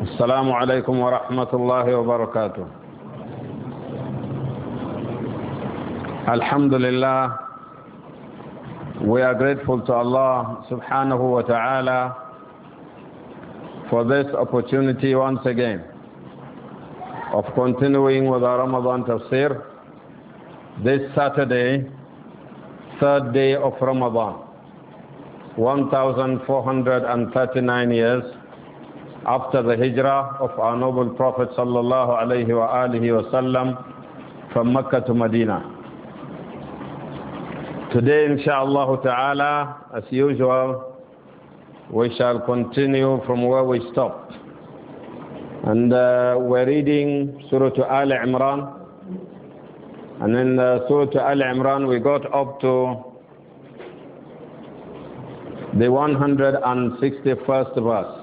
السلام عليكم ورحمة الله وبركاته Alhamdulillah we are grateful to Allah subhanahu wa ta'ala for this opportunity once again of continuing with our Ramadan tafsir this Saturday third day of Ramadan 1439 years after the hijrah of our noble Prophet sallallahu alaihi wa alihi wasallam from Mecca to Medina. Today, inshaAllah ta'ala, as usual, we shall continue from where we stopped. And uh, we're reading Surah Al-Imran. And in uh, Surah Al Imran, we got up to the 161st verse.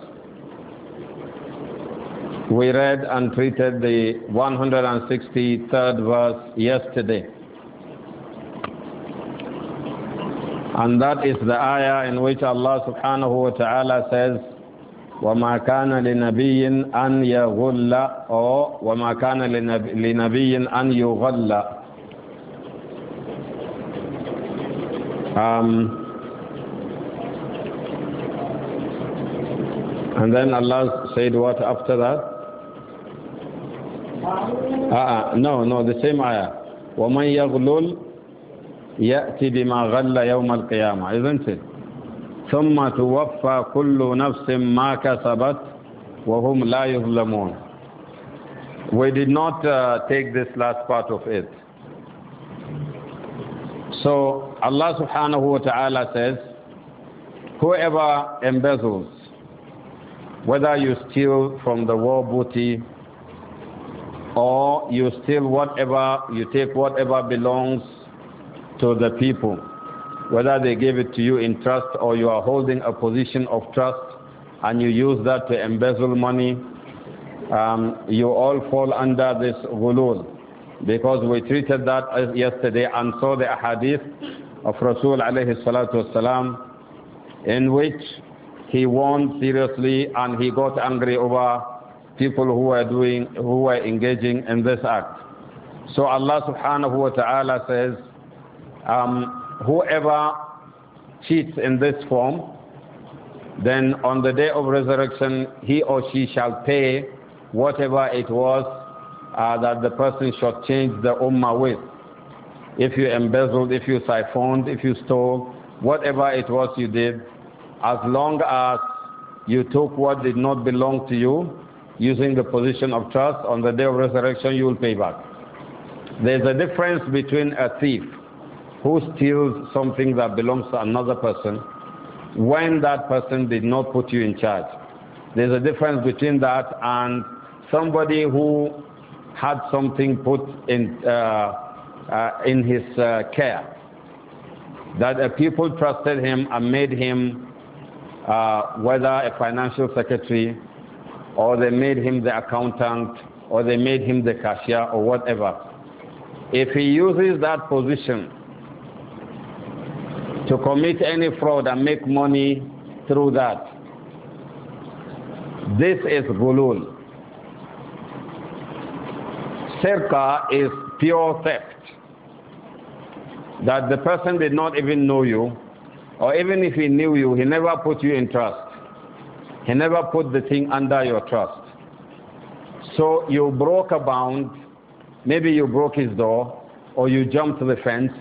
We read and treated the 163rd verse yesterday. And that is the ayah in which Allah subhanahu wa ta'ala says, وما كان لنبي أن يغل أو وما كان لنبي أن يغل um, and then Allah said what after that Ah no, no, the same ayah. وَمَنْ يَغْلُلْ يَأْتِ بِمَا غَلَّ يَوْمَ الْقِيَامَةِ Isn't it? ثُمَّ تُوَفَّى كُلُّ نَفْسٍ مَا كَسَبَتْ وَهُمْ لَا يُظْلَمُونَ We did not uh, take this last part of it. So Allah subhanahu wa ta'ala says, whoever embezzles, whether you steal from the war booty or you steal whatever, you take whatever belongs to the people, whether they gave it to you in trust or you are holding a position of trust and you use that to embezzle money, um, you all fall under this ghulul. Because we treated that as yesterday and saw the hadith of Rasul alayhi salatu wasalam, in which he warned seriously and he got angry over people who are doing who are engaging in this act. So Allah subhanahu wa ta'ala says, um, whoever cheats in this form, then on the day of resurrection, he or she shall pay whatever it was uh, that the person should change the ummah with. If you embezzled, if you siphoned, if you stole, whatever it was you did, as long as you took what did not belong to you, using the position of trust, on the day of resurrection you will pay back. There's a difference between a thief who steals something that belongs to another person when that person did not put you in charge. There's a difference between that and somebody who had something put in, uh, uh, in his uh, care. That a people trusted him and made him, uh, whether a financial secretary or they made him the accountant, or they made him the cashier, or whatever. If he uses that position to commit any fraud and make money through that, this is gulul. Sirka is pure theft. That the person did not even know you, or even if he knew you, he never put you in trust. He never put the thing under your trust. So you broke a bound, maybe you broke his door, or you jumped the fence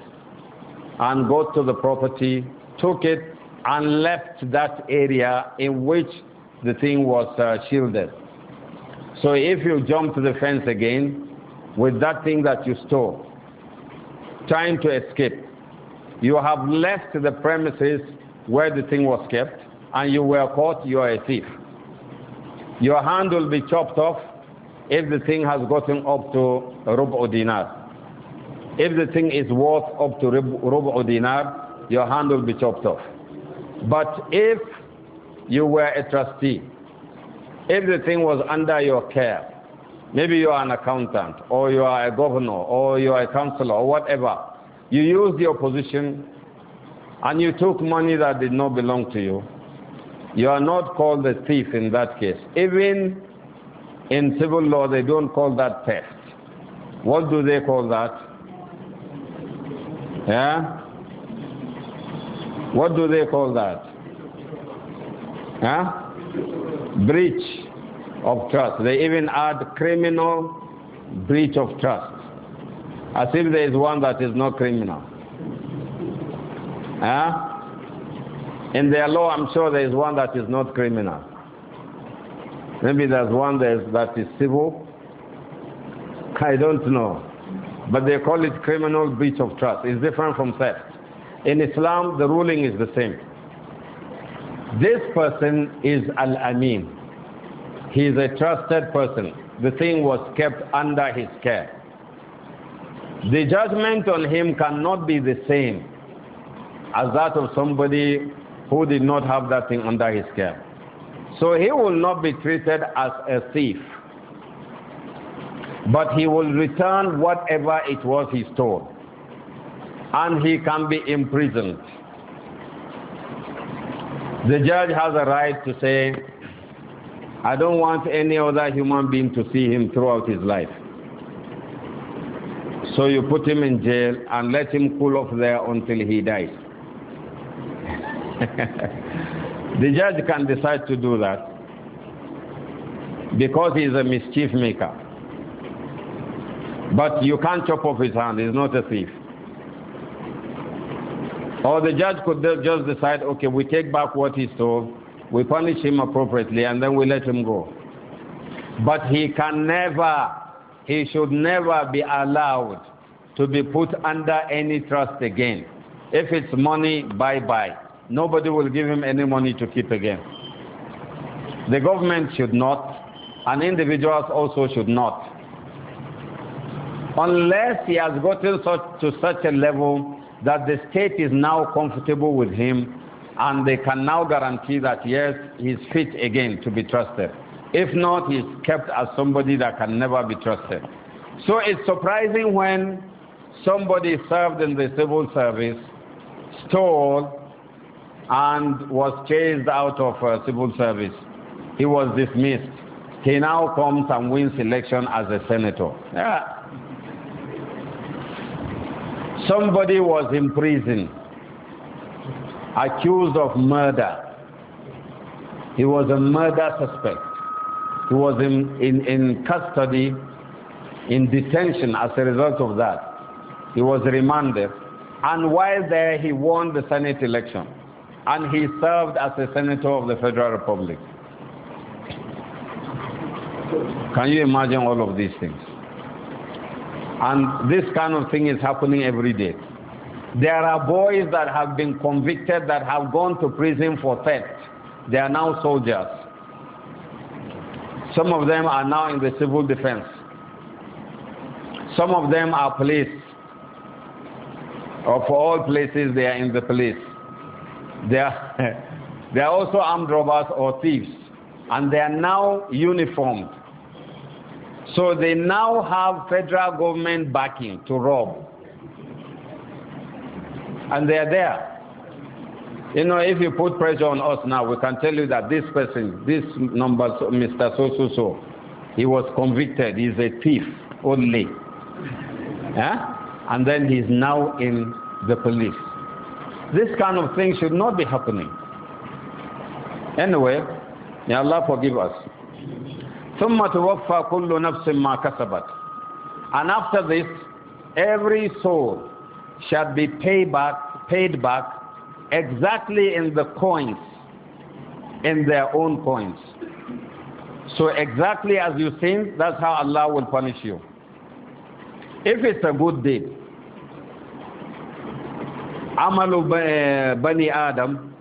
and got to the property, took it, and left that area in which the thing was uh, shielded. So if you jump to the fence again with that thing that you stole, trying to escape, you have left the premises where the thing was kept and you were caught, you are a thief. Your hand will be chopped off if the thing has gotten up to rub'u dinar. If the thing is worth up to rub'u dinar, your hand will be chopped off. But if you were a trustee, if the thing was under your care, maybe you are an accountant, or you are a governor, or you are a counselor, or whatever, you used your position and you took money that did not belong to you, you are not called a thief in that case. Even in civil law, they don't call that theft. What do they call that? Yeah? What do they call that? Huh? Breach of trust. They even add criminal breach of trust. As if there is one that is not criminal. Huh? In their law, I'm sure there is one that is not criminal. Maybe there's one that is, that is civil. I don't know. But they call it criminal breach of trust. It's different from theft. In Islam, the ruling is the same. This person is Al Amin. He is a trusted person. The thing was kept under his care. The judgment on him cannot be the same as that of somebody who did not have that thing under his care. So he will not be treated as a thief, but he will return whatever it was he stole, and he can be imprisoned. The judge has a right to say, I don't want any other human being to see him throughout his life. So you put him in jail and let him cool off there until he dies. the judge can decide to do that because he is a mischief maker. But you can't chop off his hand, he's not a thief. Or the judge could just decide, okay, we take back what he stole, we punish him appropriately, and then we let him go. But he can never, he should never be allowed to be put under any trust again. If it's money, bye bye nobody will give him any money to keep again. The government should not, and individuals also should not. Unless he has gotten such, to such a level that the state is now comfortable with him and they can now guarantee that, yes, he's fit again to be trusted. If not, he's kept as somebody that can never be trusted. So it's surprising when somebody served in the civil service, stole, and was chased out of uh, civil service. He was dismissed. He now comes and wins election as a senator. Yeah. Somebody was in prison, accused of murder. He was a murder suspect. He was in, in, in custody, in detention as a result of that. He was remanded. And while there, he won the Senate election and he served as a senator of the Federal Republic. Can you imagine all of these things? And this kind of thing is happening every day. There are boys that have been convicted that have gone to prison for theft. They are now soldiers. Some of them are now in the civil defense. Some of them are police. Of all places, they are in the police. They are, they are also armed robbers or thieves. And they are now uniformed. So they now have federal government backing to rob. And they are there. You know, if you put pressure on us now, we can tell you that this person, this number, Mr. So So So, he was convicted. He's a thief only. yeah, And then he's now in the police. This kind of thing should not be happening. Anyway, may Allah forgive us. ثُمَّ تُوَفَّى كُلُّ نَفْسٍ مَا كَسَبَتْ And after this, every soul shall be paid back, paid back exactly in the coins, in their own coins. So exactly as you sin, that's how Allah will punish you. If it's a good deed, عمل eh, bani Adam,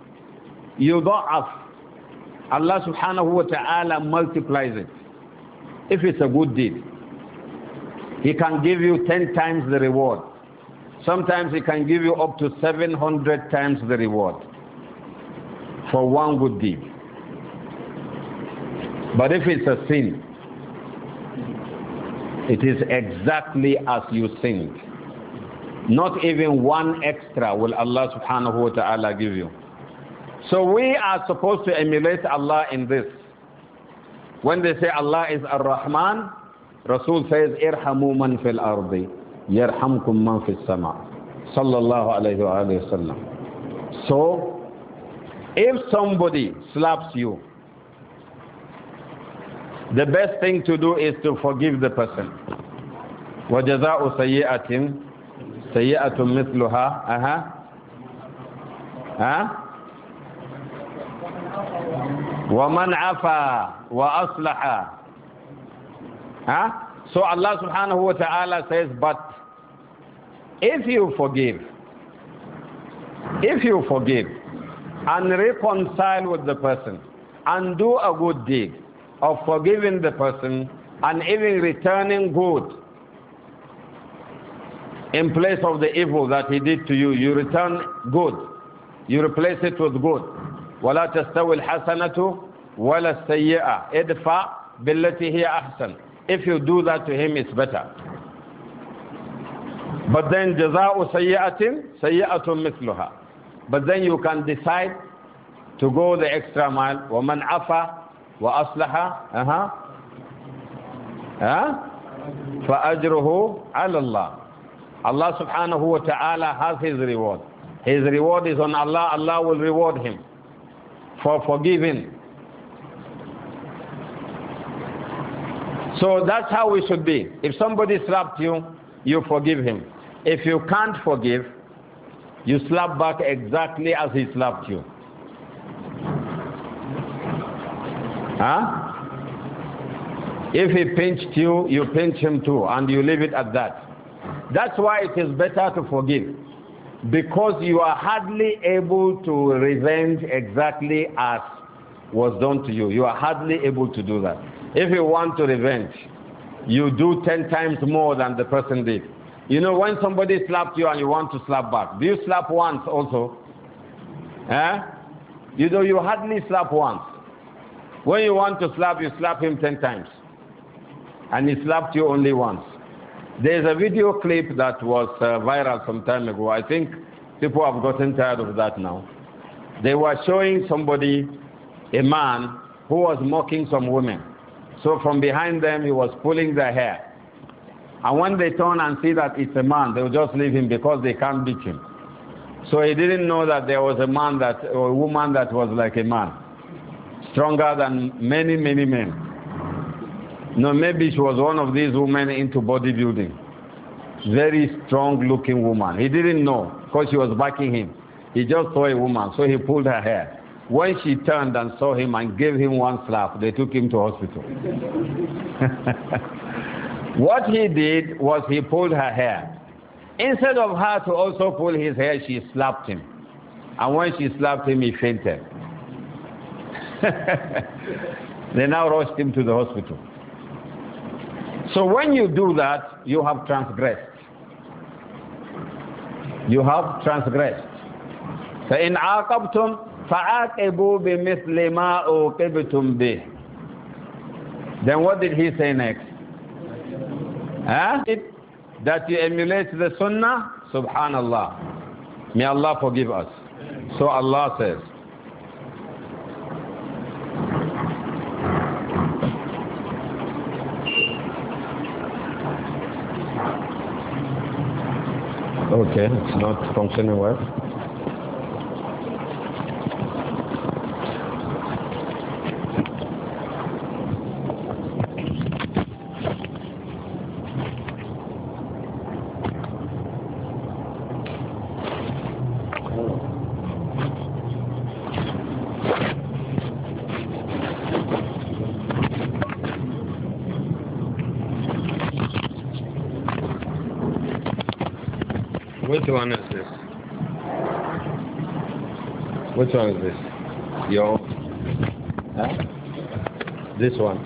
يضعف. Allah subhanahu wa ta'ala multiplies it. If it's a good deed, He can give you 10 times the reward. Sometimes He can give you up to 700 times the reward for one good deed. But if it's a sin, it is exactly as you think. Not even one extra will Allah subhanahu wa ta'ala give you. So we are supposed to emulate Allah in this. When they say Allah is Ar-Rahman, Rasul says, Irhamu man fil ardi, yarhamkum man fil sama. Sallallahu alayhi wa sallam. So, if somebody slaps you, the best thing to do is to forgive the person. وَجَزَاءُ سَيِّئَةٍ سيئة مثلها أها ها ومن عفا وأصلح ها So Allah subhanahu wa ta'ala says, but if you forgive, if you forgive and reconcile with the person and do a good deed of forgiving the person and even returning good in place of the evil that he did to you, you return good. You replace it with good. ولا تستوي الحسنة ولا السيئة ادفع بالتي هي أحسن. If you do that to him, it's better. But then جزاء سيئة سيئة مثلها. But then you can decide to go the extra mile. ومن عفا وأصلح أها uh-huh. أه؟ فأجره على الله. Allah subhanahu wa ta'ala has his reward. His reward is on Allah. Allah will reward him for forgiving. So that's how we should be. If somebody slapped you, you forgive him. If you can't forgive, you slap back exactly as he slapped you. Huh? If he pinched you, you pinch him too, and you leave it at that. That's why it is better to forgive. Because you are hardly able to revenge exactly as was done to you. You are hardly able to do that. If you want to revenge, you do 10 times more than the person did. You know, when somebody slapped you and you want to slap back, do you slap once also? Eh? You know, you hardly slap once. When you want to slap, you slap him 10 times. And he slapped you only once. There's a video clip that was uh, viral some time ago. I think people have gotten tired of that now. They were showing somebody, a man, who was mocking some women. So from behind them, he was pulling their hair. And when they turn and see that it's a man, they'll just leave him because they can't beat him. So he didn't know that there was a man that, or a woman that was like a man, stronger than many, many men. No, maybe she was one of these women into bodybuilding. Very strong looking woman. He didn't know because she was backing him. He just saw a woman, so he pulled her hair. When she turned and saw him and gave him one slap, they took him to hospital. what he did was he pulled her hair. Instead of her to also pull his hair, she slapped him. And when she slapped him, he fainted. they now rushed him to the hospital. So when you do that, you have transgressed. You have transgressed. فَإِنْ عَاقَبْتُمْ فَعَاقِبُوا بِمِثْلِ مَا أُوقِبْتُمْ بِهِ Then what did he say next? Huh? It, that you emulate the sunnah? Subhanallah. May Allah forgive us. So Allah says, Okay, it's not functioning well. Which one is this? Your? Huh? This one.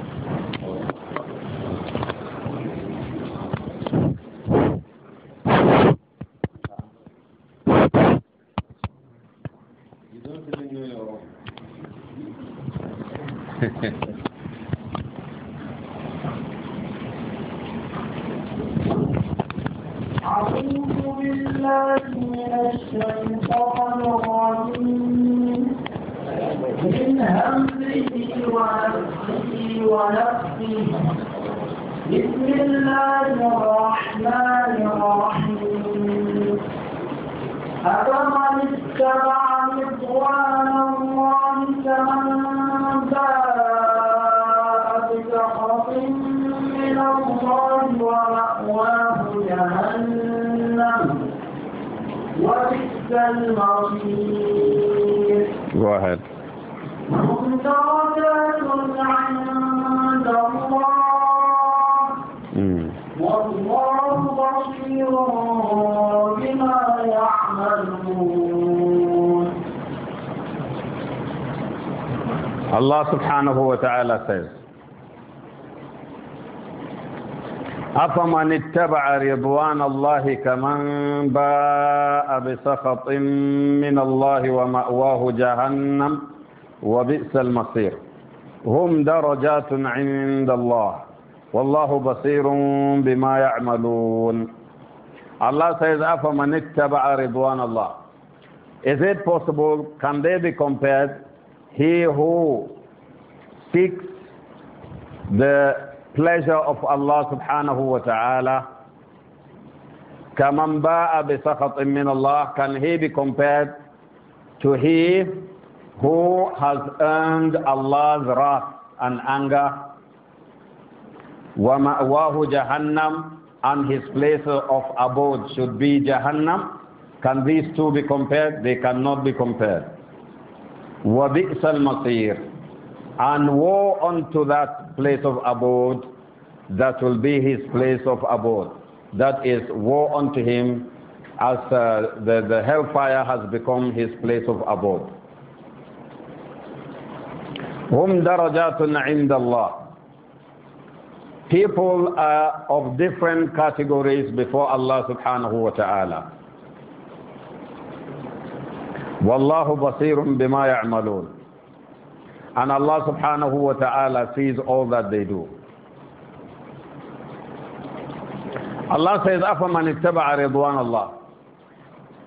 You don't really know your own. أعوذ بالله من الشيطان من همزه ونفسه ونفسه بسم الله الرحمن الرحيم أفمن اتبع رضوان الله كمن باء بسخط من الله ومأواه جهنم وبئس المصير واحد Allah subhanahu wa ta'ala says, أَفَمَنِ اتَّبَعَ رِضْوَانَ اللَّهِ كَمَنْ بَاءَ بِسَخَطٍ مِّنَ اللَّهِ وَمَأْوَاهُ جَهَنَّمَ وبئس المصير هم درجات عند الله والله بصير بما يعملون Allah says أفمن اتبع رضوان الله Is it possible can they be compared he who seeks the pleasure of Allah subhanahu wa ta'ala كمن باء بسخط من الله can he be compared to he who has earned Allah's wrath and anger. وَمَأْوَاهُ جَهَنَّمُ And his place of abode should be Jahannam. Can these two be compared? They cannot be compared. وَبِئْسَ الْمَصِيرُ And woe unto that place of abode that will be his place of abode. That is, woe unto him as uh, the, the hellfire has become his place of abode. هم درجات عند الله People are of different categories before Allah subhanahu wa ta'ala. بصير بما يعملون And Allah subhanahu wa ta'ala sees all that they do. Allah says, أَفَمَنِ اتَّبَعَ رِضْوَانَ اللَّهِ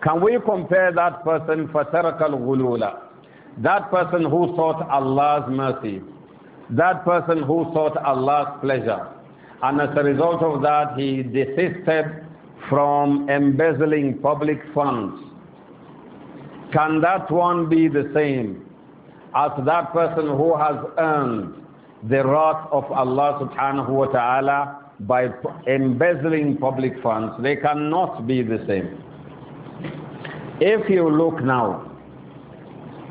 Can we compare that person فَتَرَكَ الغلولة That person who sought Allah's mercy, that person who sought Allah's pleasure, and as a result of that, he desisted from embezzling public funds. Can that one be the same as that person who has earned the wrath of Allah subhanahu wa ta'ala by embezzling public funds? They cannot be the same. If you look now,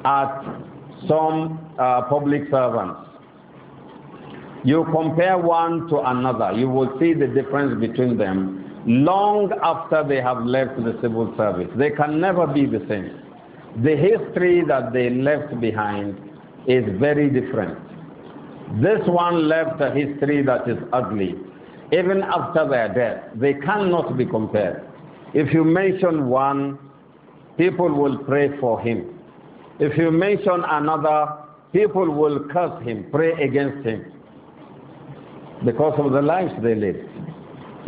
at some uh, public servants. You compare one to another, you will see the difference between them long after they have left the civil service. They can never be the same. The history that they left behind is very different. This one left a history that is ugly. Even after their death, they cannot be compared. If you mention one, people will pray for him. If you mention another, people will curse him, pray against him because of the lives they live.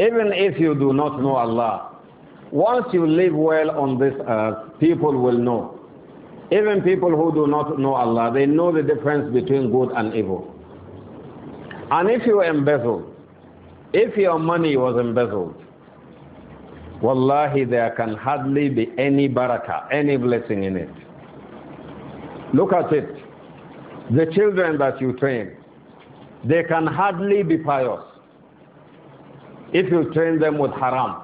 Even if you do not know Allah, once you live well on this earth, people will know. Even people who do not know Allah, they know the difference between good and evil. And if you embezzle, if your money was embezzled, wallahi, there can hardly be any barakah, any blessing in it. Look at it. The children that you train, they can hardly be pious if you train them with haram.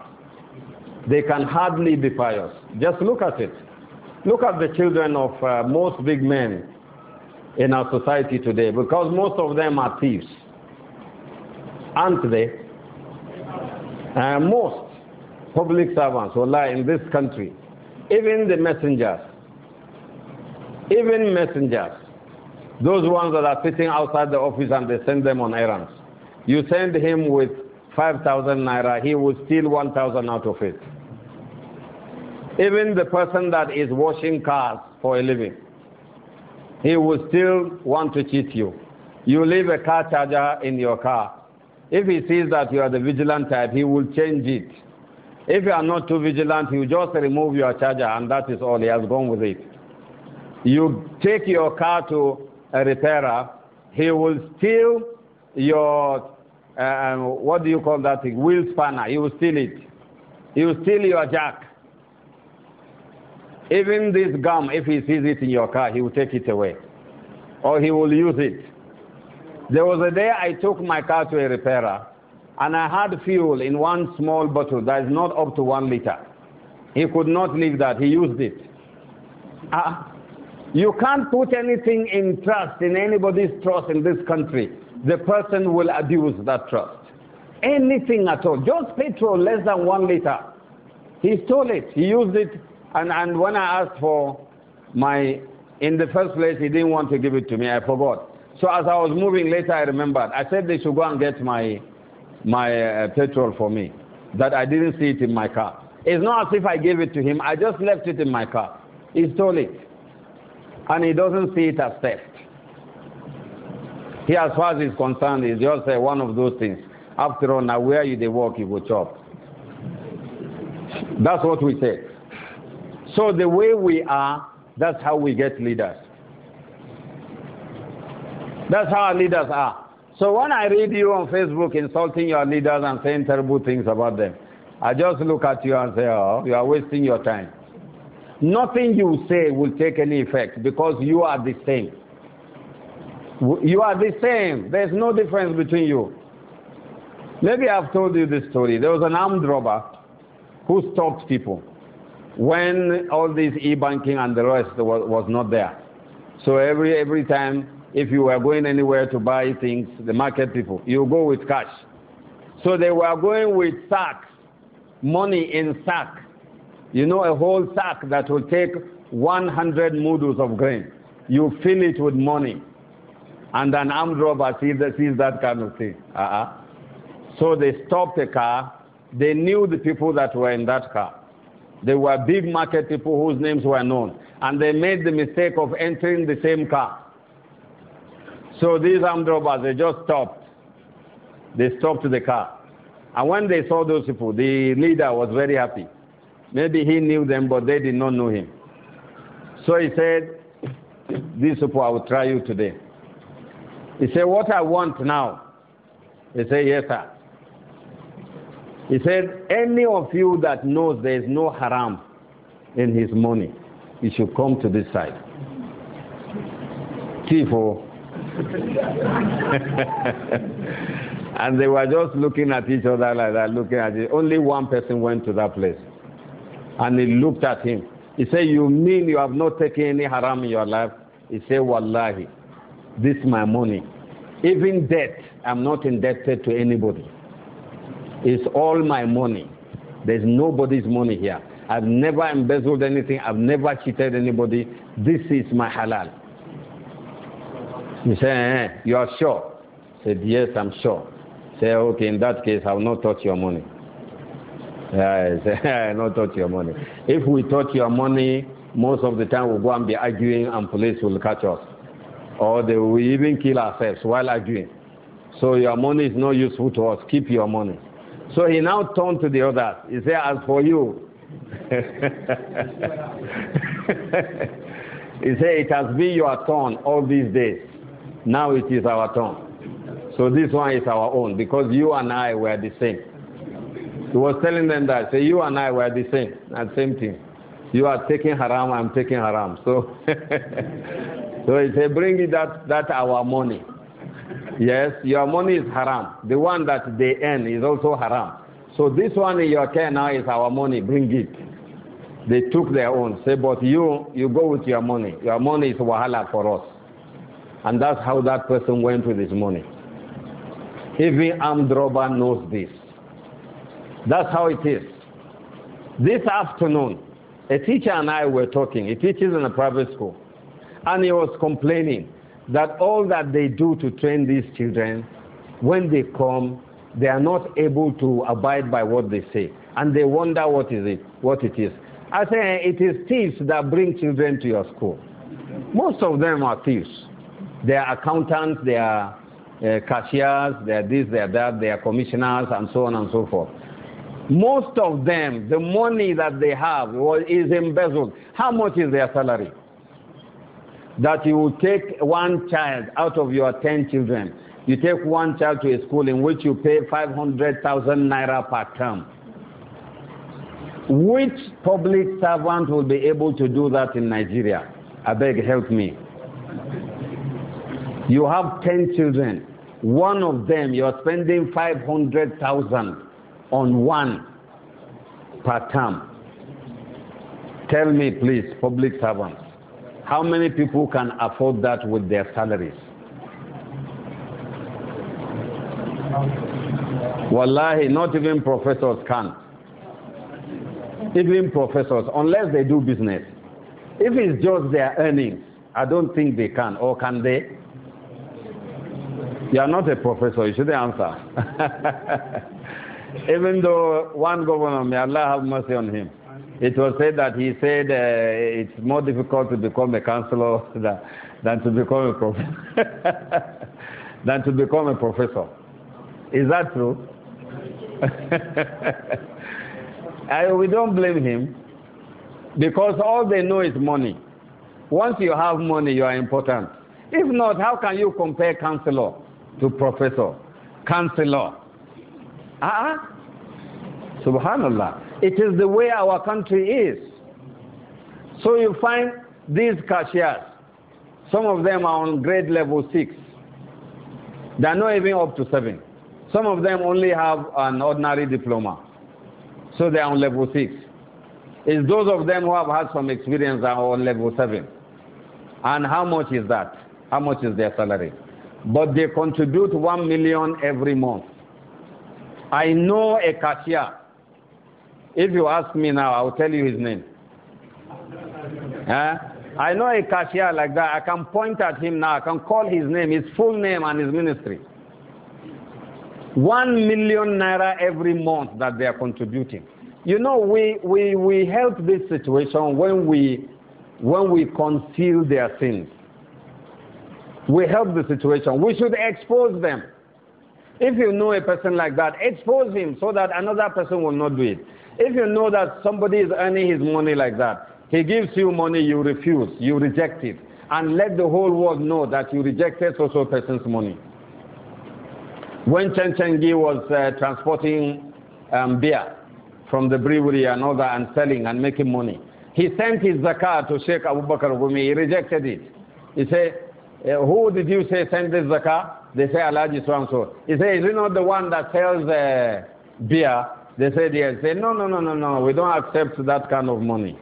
They can hardly be pious. Just look at it. Look at the children of uh, most big men in our society today because most of them are thieves. Aren't they? Uh, most public servants, who lie in this country, even the messengers, even messengers, those ones that are sitting outside the office and they send them on errands. You send him with 5,000 naira, he will steal 1,000 out of it. Even the person that is washing cars for a living, he will still want to cheat you. You leave a car charger in your car. If he sees that you are the vigilant type, he will change it. If you are not too vigilant, he will just remove your charger and that is all. He has gone with it. You take your car to a repairer, he will steal your, uh, what do you call that thing? Wheel spanner. He will steal it. He will steal your jack. Even this gum, if he sees it in your car, he will take it away. Or he will use it. There was a day I took my car to a repairer and I had fuel in one small bottle that is not up to one liter. He could not leave that. He used it. Ah, you can't put anything in trust, in anybody's trust in this country. The person will abuse that trust. Anything at all. Just petrol, less than one liter. He stole it. He used it. And, and when I asked for my, in the first place, he didn't want to give it to me. I forgot. So as I was moving later, I remembered. I said they should go and get my, my uh, petrol for me. That I didn't see it in my car. It's not as if I gave it to him. I just left it in my car. He stole it and he doesn't see it as theft. He, as far as he's concerned, is just uh, one of those things. After all, now where you they work, you go chop. That's what we say. So the way we are, that's how we get leaders. That's how our leaders are. So when I read you on Facebook insulting your leaders and saying terrible things about them, I just look at you and say, oh, you are wasting your time nothing you say will take any effect because you are the same. You are the same. There's no difference between you. Maybe I've told you this story. There was an armed robber who stopped people when all this e-banking and the rest was, was not there. So every, every time, if you were going anywhere to buy things, the market people, you go with cash. So they were going with sacks, money in sacks you know, a whole sack that will take 100 mudus of grain. You fill it with money. And an armed robber sees that, sees that kind of thing. Uh -uh. So they stopped the car. They knew the people that were in that car. They were big market people whose names were known. And they made the mistake of entering the same car. So these armed robbers, they just stopped. They stopped the car. And when they saw those people, the leader was very happy. Maybe he knew them, but they did not know him. So he said, This people, I will try you today. He said, What I want now. He said, Yes, sir. He said, Any of you that knows there is no haram in his money, he should come to this side. Tifo. Oh. and they were just looking at each other like that, looking at it. Only one person went to that place. And he looked at him. He said, You mean you have not taken any haram in your life? He said, Wallahi, this is my money. Even debt, I'm not indebted to anybody. It's all my money. There's nobody's money here. I've never embezzled anything. I've never cheated anybody. This is my halal. He said, eh, You are sure? He said, Yes, I'm sure. Said, Okay, in that case, I will not touch your money. Yeah, not touch your money. If we touch your money, most of the time we'll go and be arguing and police will catch us. Or they will even kill ourselves while arguing. So your money is not useful to us. Keep your money. So he now turned to the others. He said, As for you, he said, It has been your turn all these days. Now it is our turn. So this one is our own because you and I were the same. He was telling them that, say, you and I were the same, the same thing. You are taking haram, I'm taking haram. So, so he said, bring that, that our money. Yes, your money is haram. The one that they earn is also haram. So this one in your care now is our money. Bring it. They took their own. Say, but you, you go with your money. Your money is wahala for us. And that's how that person went with his money. Even armed robber knows this. That's how it is. This afternoon, a teacher and I were talking. He teaches in a private school. And he was complaining that all that they do to train these children, when they come, they are not able to abide by what they say. And they wonder what is it, what it is. I say eh, it is thieves that bring children to your school. Most of them are thieves. They are accountants, they are uh, cashiers, they are this, they are that, they are commissioners, and so on and so forth. Most of them, the money that they have is embezzled. How much is their salary? That you take one child out of your 10 children. You take one child to a school in which you pay 500,000 naira per term. Which public servant will be able to do that in Nigeria? I beg, help me. You have 10 children. One of them, you're spending 500,000 on one per term. Tell me, please, public servants, how many people can afford that with their salaries? Wallahi, not even professors can. Even professors, unless they do business. If it's just their earnings, I don't think they can. Or can they? You are not a professor, you shouldn't answer. Even though one governor, may Allah have mercy on him, it was said that he said uh, it's more difficult to become a counselor than, than to become a professor. than to become a professor. Is that true? I, we don't blame him because all they know is money. Once you have money, you are important. If not, how can you compare counselor to professor? Counselor. Ah, uh-uh. subhanallah. It is the way our country is. So you find these cashiers, some of them are on grade level six. They are not even up to seven. Some of them only have an ordinary diploma. So they are on level six. It's those of them who have had some experience are on level seven. And how much is that? How much is their salary? But they contribute one million every month I know a cashier. If you ask me now, I'll tell you his name. Huh? I know a cashier like that. I can point at him now. I can call his name, his full name, and his ministry. One million naira every month that they are contributing. You know, we, we, we help this situation when we, when we conceal their sins. We help the situation. We should expose them. If you know a person like that, expose him so that another person will not do it. If you know that somebody is earning his money like that, he gives you money, you refuse, you reject it. And let the whole world know that you rejected so so person's money. When Chen Chengi was uh, transporting um, beer from the brewery and all that and selling and making money, he sent his zakat to Sheikh Abu Bakr Gumi. He rejected it. He said, uh, Who did you say sent this zakat? They say Allah so and so. He says, Is he not the one that sells uh, beer? They said yes. They say, No, no, no, no, no. We don't accept that kind of money.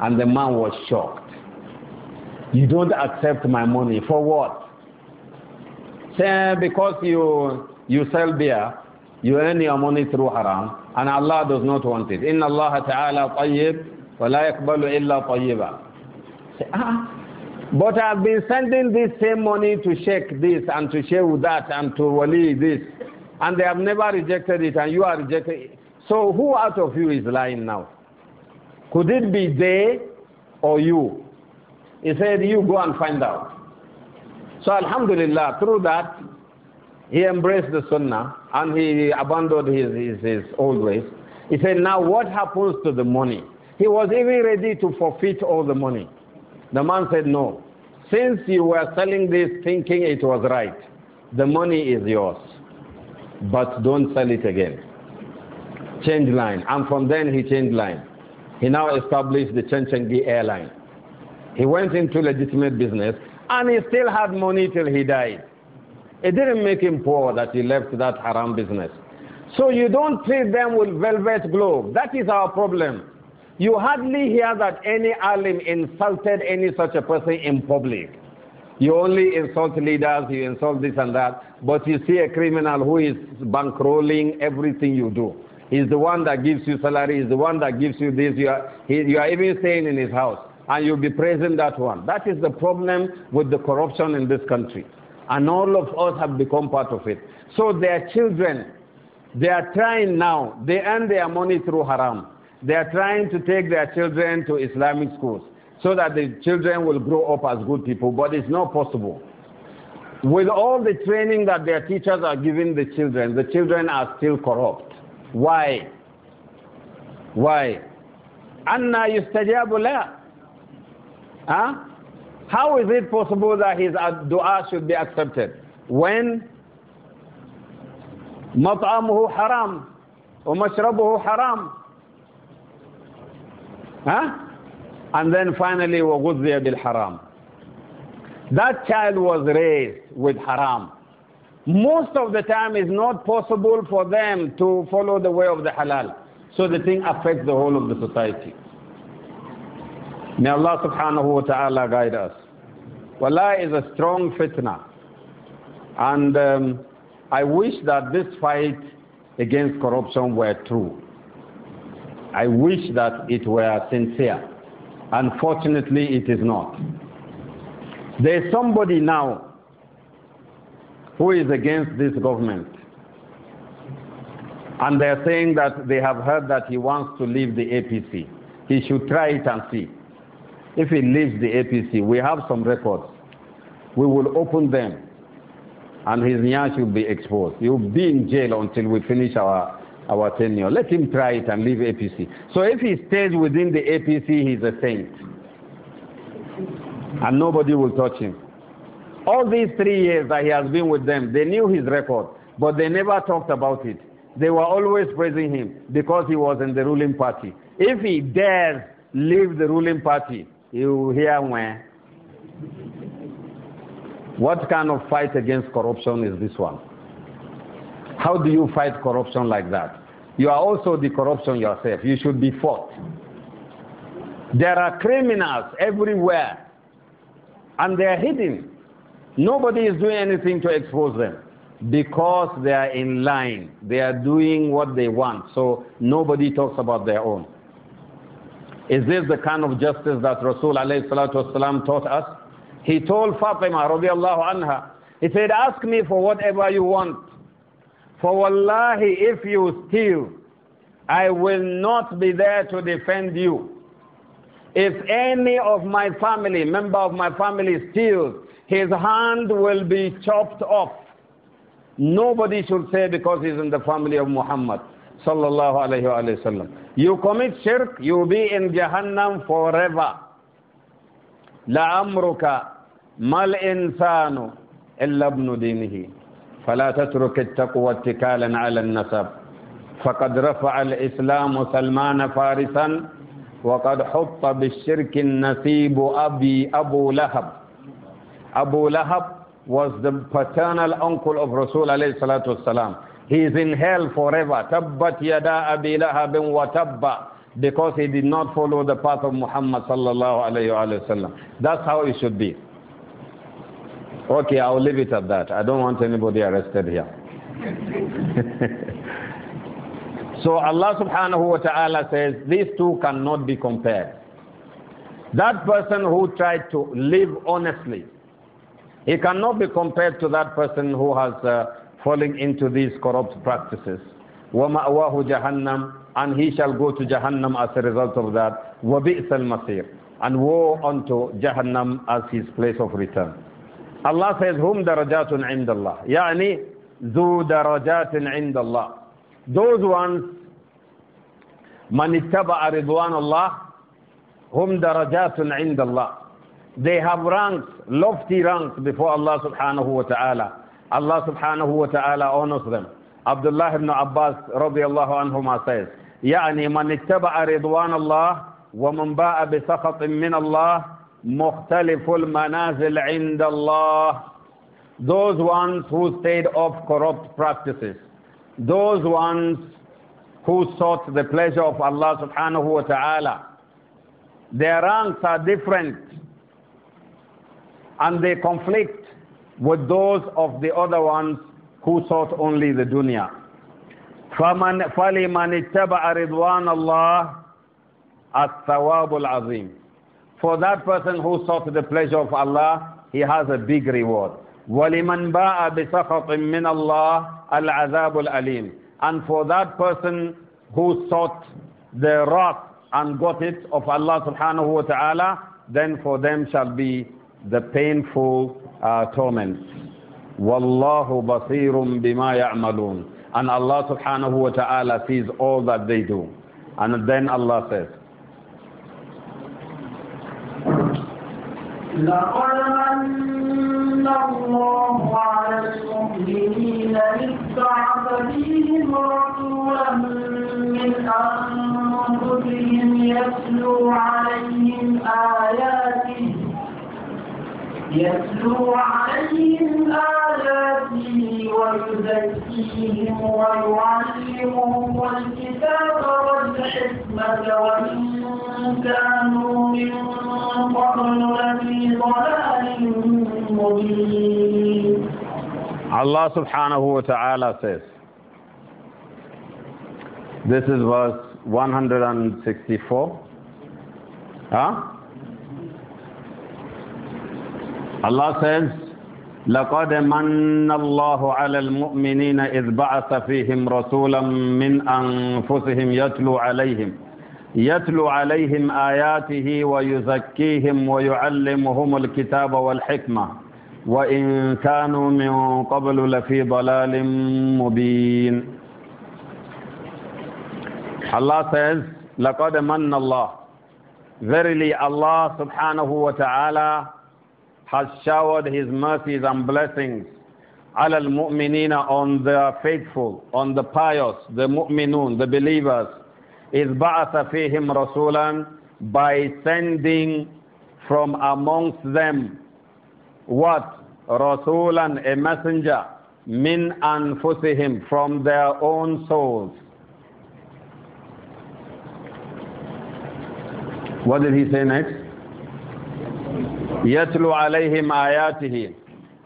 And the man was shocked. You don't accept my money. For what? Say, because you, you sell beer, you earn your money through haram, and Allah does not want it. Inna Allah ta'ala tayyib, wa la yakbalu illa tayyiba. Say, ah, but I've been sending this same money to Sheikh this and to Sheikh that and to Wali this. And they have never rejected it and you are rejecting it. So who out of you is lying now? Could it be they or you? He said, you go and find out. So Alhamdulillah, through that, he embraced the Sunnah and he abandoned his, his, his old ways. He said, now what happens to the money? He was even ready to forfeit all the money. The man said, No. Since you were selling this thinking it was right, the money is yours. But don't sell it again. Change line. And from then he changed line. He now established the Chenchengi airline. He went into legitimate business and he still had money till he died. It didn't make him poor that he left that haram business. So you don't treat them with velvet glove. That is our problem. You hardly hear that any alim insulted any such a person in public. You only insult leaders, you insult this and that, but you see a criminal who is bankrolling everything you do. He's the one that gives you salary, he's the one that gives you this, you are, he, you are even staying in his house, and you'll be praising that one. That is the problem with the corruption in this country. And all of us have become part of it. So their children, they are trying now, they earn their money through haram. They are trying to take their children to Islamic schools so that the children will grow up as good people, but it's not possible. With all the training that their teachers are giving the children, the children are still corrupt. Why? Why? Anna yustajabu Huh? How is it possible that his dua should be accepted? When مطعمه حرام ومشربه حرام Huh? And then finally, وَغُذِّيَ haram That child was raised with haram. Most of the time, it's not possible for them to follow the way of the halal. So the thing affects the whole of the society. May Allah subhanahu wa ta'ala guide us. Wala is a strong fitna. And um, I wish that this fight against corruption were true. I wish that it were sincere. Unfortunately, it is not. There is somebody now who is against this government. And they are saying that they have heard that he wants to leave the APC. He should try it and see. If he leaves the APC, we have some records. We will open them and his nya will be exposed. He will be in jail until we finish our our tenure. Let him try it and leave APC. So if he stays within the APC, he's a saint. And nobody will touch him. All these three years that he has been with them, they knew his record, but they never talked about it. They were always praising him because he was in the ruling party. If he dares leave the ruling party, you will hear when. What kind of fight against corruption is this one? How do you fight corruption like that? You are also the corruption yourself. You should be fought. There are criminals everywhere, and they are hidden. Nobody is doing anything to expose them because they are in line. They are doing what they want, so nobody talks about their own. Is this the kind of justice that Rasul taught us? He told Fatima, radiallahu he said, Ask me for whatever you want. For wallahi, if you steal, I will not be there to defend you. If any of my family, member of my family steals, his hand will be chopped off. Nobody should say because he's in the family of Muhammad. Sallallahu alayhi wa sallam. You commit shirk, you'll be in Jahannam forever. لَأَمْرُكَ مَا الْإِنسَانُ إِلَّا ابْنُ دِينِهِ فلا تترك التقوى اتكالا على النسب فقد رفع الإسلام سلمان فارسا وقد حط بالشرك النسيب أبي أبو لهب ابو لهب was the paternal uncle of رسول عليه الصلاه والسلام He is in hell forever. تبت يدا ابي لهب وتب Because he did not follow the path of Muhammad صلى الله عليه وسلم That's how it should be. Okay, I'll leave it at that. I don't want anybody arrested here. so Allah subhanahu wa ta'ala says these two cannot be compared. That person who tried to live honestly, he cannot be compared to that person who has uh, fallen into these corrupt practices. وَمَأْوَاهُ جَهَنَّمْ And he shall go to Jahannam as a result of that. وَبِئْسَ الْمَصِيرُ And woe unto Jahannam as his place of return. الله says هم درجات عند الله يعني ذو درجات عند الله those ones من اتبع رضوان الله هم درجات عند الله they have ranks lofty ranks before Allah سبحانه وتعالى Allah سبحانه وتعالى honors them عبد الله بن عباس رضي الله عنهما says يعني من اتبع رضوان الله ومن باء بسخط من الله مختلف المنازل عند الله. Those ones who stayed off corrupt practices. Those ones who sought the pleasure of Allah subhanahu wa ta'ala. Their ranks are different and they conflict with those of the other ones who sought only the dunya. فَلِمَنِ اتَّبَعَ رِضْوَانَ اللَّهِ الثَّوَابُ الْعَظِيمُ for that person who sought the pleasure of Allah, he has a big reward. وَلِمَنْ بَاءَ بِسَخَطٍ مِّنَ اللَّهِ الْعَذَابُ الْأَلِيمُ And for that person who sought the wrath and got it of Allah subhanahu wa ta'ala, then for them shall be the painful uh, torments. وَاللَّهُ بَصِيرٌ بِمَا يَعْمَلُونَ And Allah subhanahu wa ta'ala sees all that they do. And then Allah says, لقد من الله على المؤمنين إذ بعث فيهم رسولا من أنفسهم يتلو عليهم آياته يتلو عليهم آياته ويزكيهم ويعلمهم الكتاب والحكمة وإن كانوا من قبل لفي ضلال مبين Allah subhanahu wa ta'ala says, this is verse 164. Huh? Allah says, لقد من الله على المؤمنين إذ بعث فيهم رسولا من أنفسهم يتلو عليهم يتلو عليهم آياته ويزكيهم ويعلمهم الكتاب والحكمة وإن كانوا من قبل لفي ضلال مبين Allah says لقد من الله Verily Allah subhanahu wa ta'ala has showered His mercies and blessings al mu'minina on the faithful, on the pious, the mu'minun, the believers, is ba'atha fihim rasulan by sending from amongst them what? Rasulan, a messenger, min anfusihim, from their own souls. What did he say next? يَتْلُو عَلَيْهِمْ آيَاتِهِ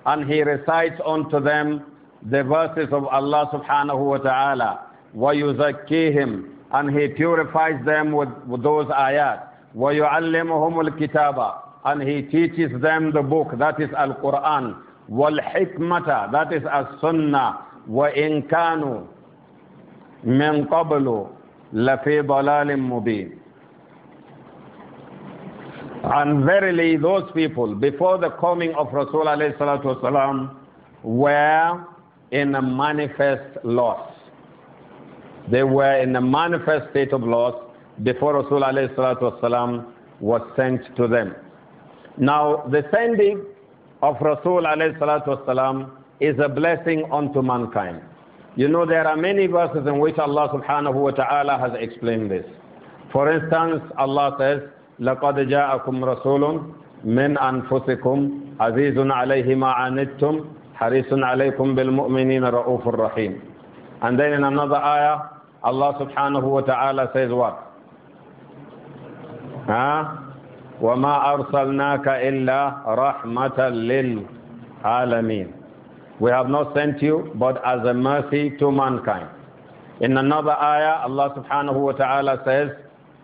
And he recites unto them the verses of Allah subhanahu wa ta'ala. وَيُزَكِّيهِمْ And he purifies them with, with those ayat. وَيُعَلِّمُهُمُ الْكِتَابَ And he teaches them the book, that is Al-Quran. وَالْحِكْمَةَ That is As-Sunnah. وَإِن كَانُوا مِن قَبْلُ لَفِي ضَلَالٍ مُبِينٍ And verily those people before the coming of Rasul were in a manifest loss. They were in a manifest state of loss before Rasul was sent to them. Now the sending of Rasul is a blessing unto mankind. You know there are many verses in which Allah subhanahu wa ta'ala has explained this. For instance, Allah says, لقد جاءكم رسول من أنفسكم عزيز عليه ما عنتم حريص عليكم بالمؤمنين رؤوف رحيم And then in another ayah, Allah subhanahu wa ta'ala says what? وَمَا أَرْسَلْنَاكَ إِلَّا رَحْمَةً لِلْعَالَمِينَ We have not sent you but as a mercy to mankind. In another ayah, Allah subhanahu wa ta'ala says,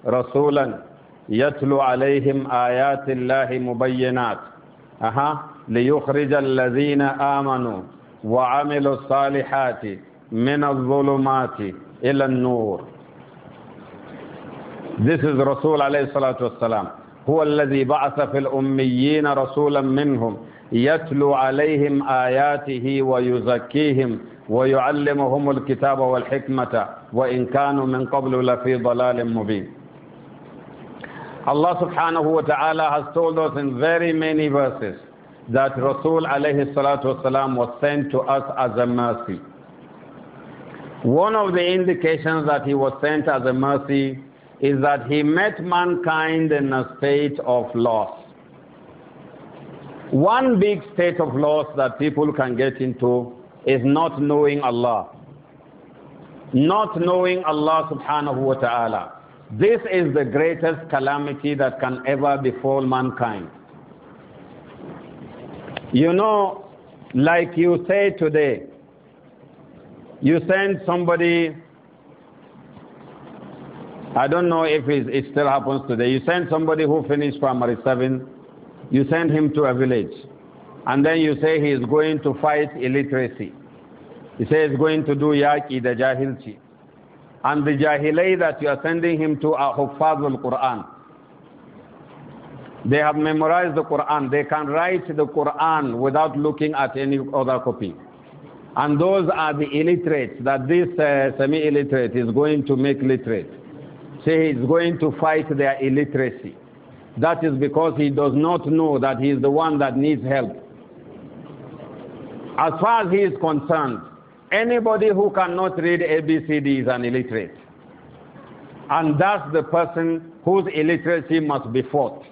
رَسُولًا يتلو عليهم آيات الله مبينات أها ليخرج الذين آمنوا وعملوا الصالحات من الظلمات إلى النور This is Rasul عليه الصلاة والسلام هو الذي بعث في الأميين رسولا منهم يتلو عليهم آياته ويزكيهم ويعلمهم الكتاب والحكمة وإن كانوا من قبل لفي ضلال مبين Allah subhanahu wa ta'ala has told us in very many verses that Rasul alayhi salatu wasalam was sent to us as a mercy. One of the indications that he was sent as a mercy is that he met mankind in a state of loss. One big state of loss that people can get into is not knowing Allah. Not knowing Allah subhanahu wa ta'ala. This is the greatest calamity that can ever befall mankind. You know, like you say today, you send somebody, I don't know if it, still happens today, you send somebody who finished primary 7, you send him to a village, and then you say he is going to fight illiteracy. He says he's going to do yaki the jahilchi. And the Jahilay that you are sending him to are Huffazul Quran. They have memorized the Quran. They can write the Quran without looking at any other copy. And those are the illiterates that this uh, semi illiterate is going to make literate. Say he's going to fight their illiteracy. That is because he does not know that he is the one that needs help. As far as he is concerned, Anybody who cannot read ABCD is an illiterate. And that's the person whose illiteracy must be fought.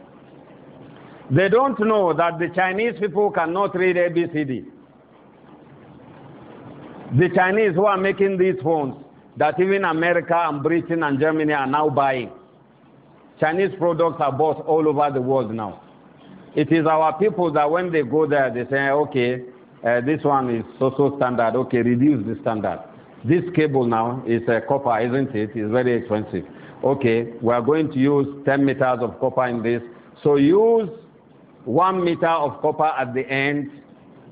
They don't know that the Chinese people cannot read ABCD. The Chinese who are making these phones that even America and Britain and Germany are now buying. Chinese products are bought all over the world now. It is our people that when they go there, they say, okay, uh, this one is also standard. Okay, reduce the standard. This cable now is uh, copper, isn't it? It's very expensive. Okay, we are going to use 10 meters of copper in this. So use one meter of copper at the end.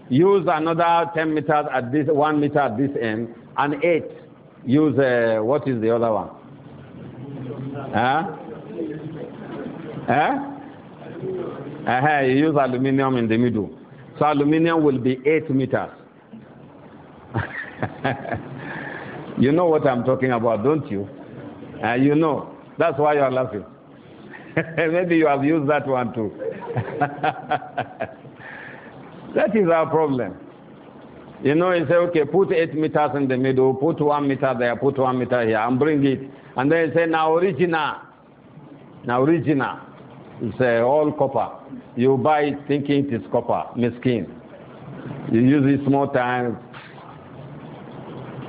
Use another 10 meters at this one meter at this end, and eight. Use uh, what is the other one? Huh? Huh? Uh-huh, you use aluminium in the middle. So aluminium will be 8 meters. you know what I'm talking about, don't you? Uh, you know. That's why you're laughing. Maybe you have used that one too. that is our problem. You know, you say, okay, put 8 meters in the middle, put 1 meter there, put 1 meter here, and bring it. And then you say, now original. Now original. It's uh, all copper. You buy it thinking it is copper, miskin. You use it small time,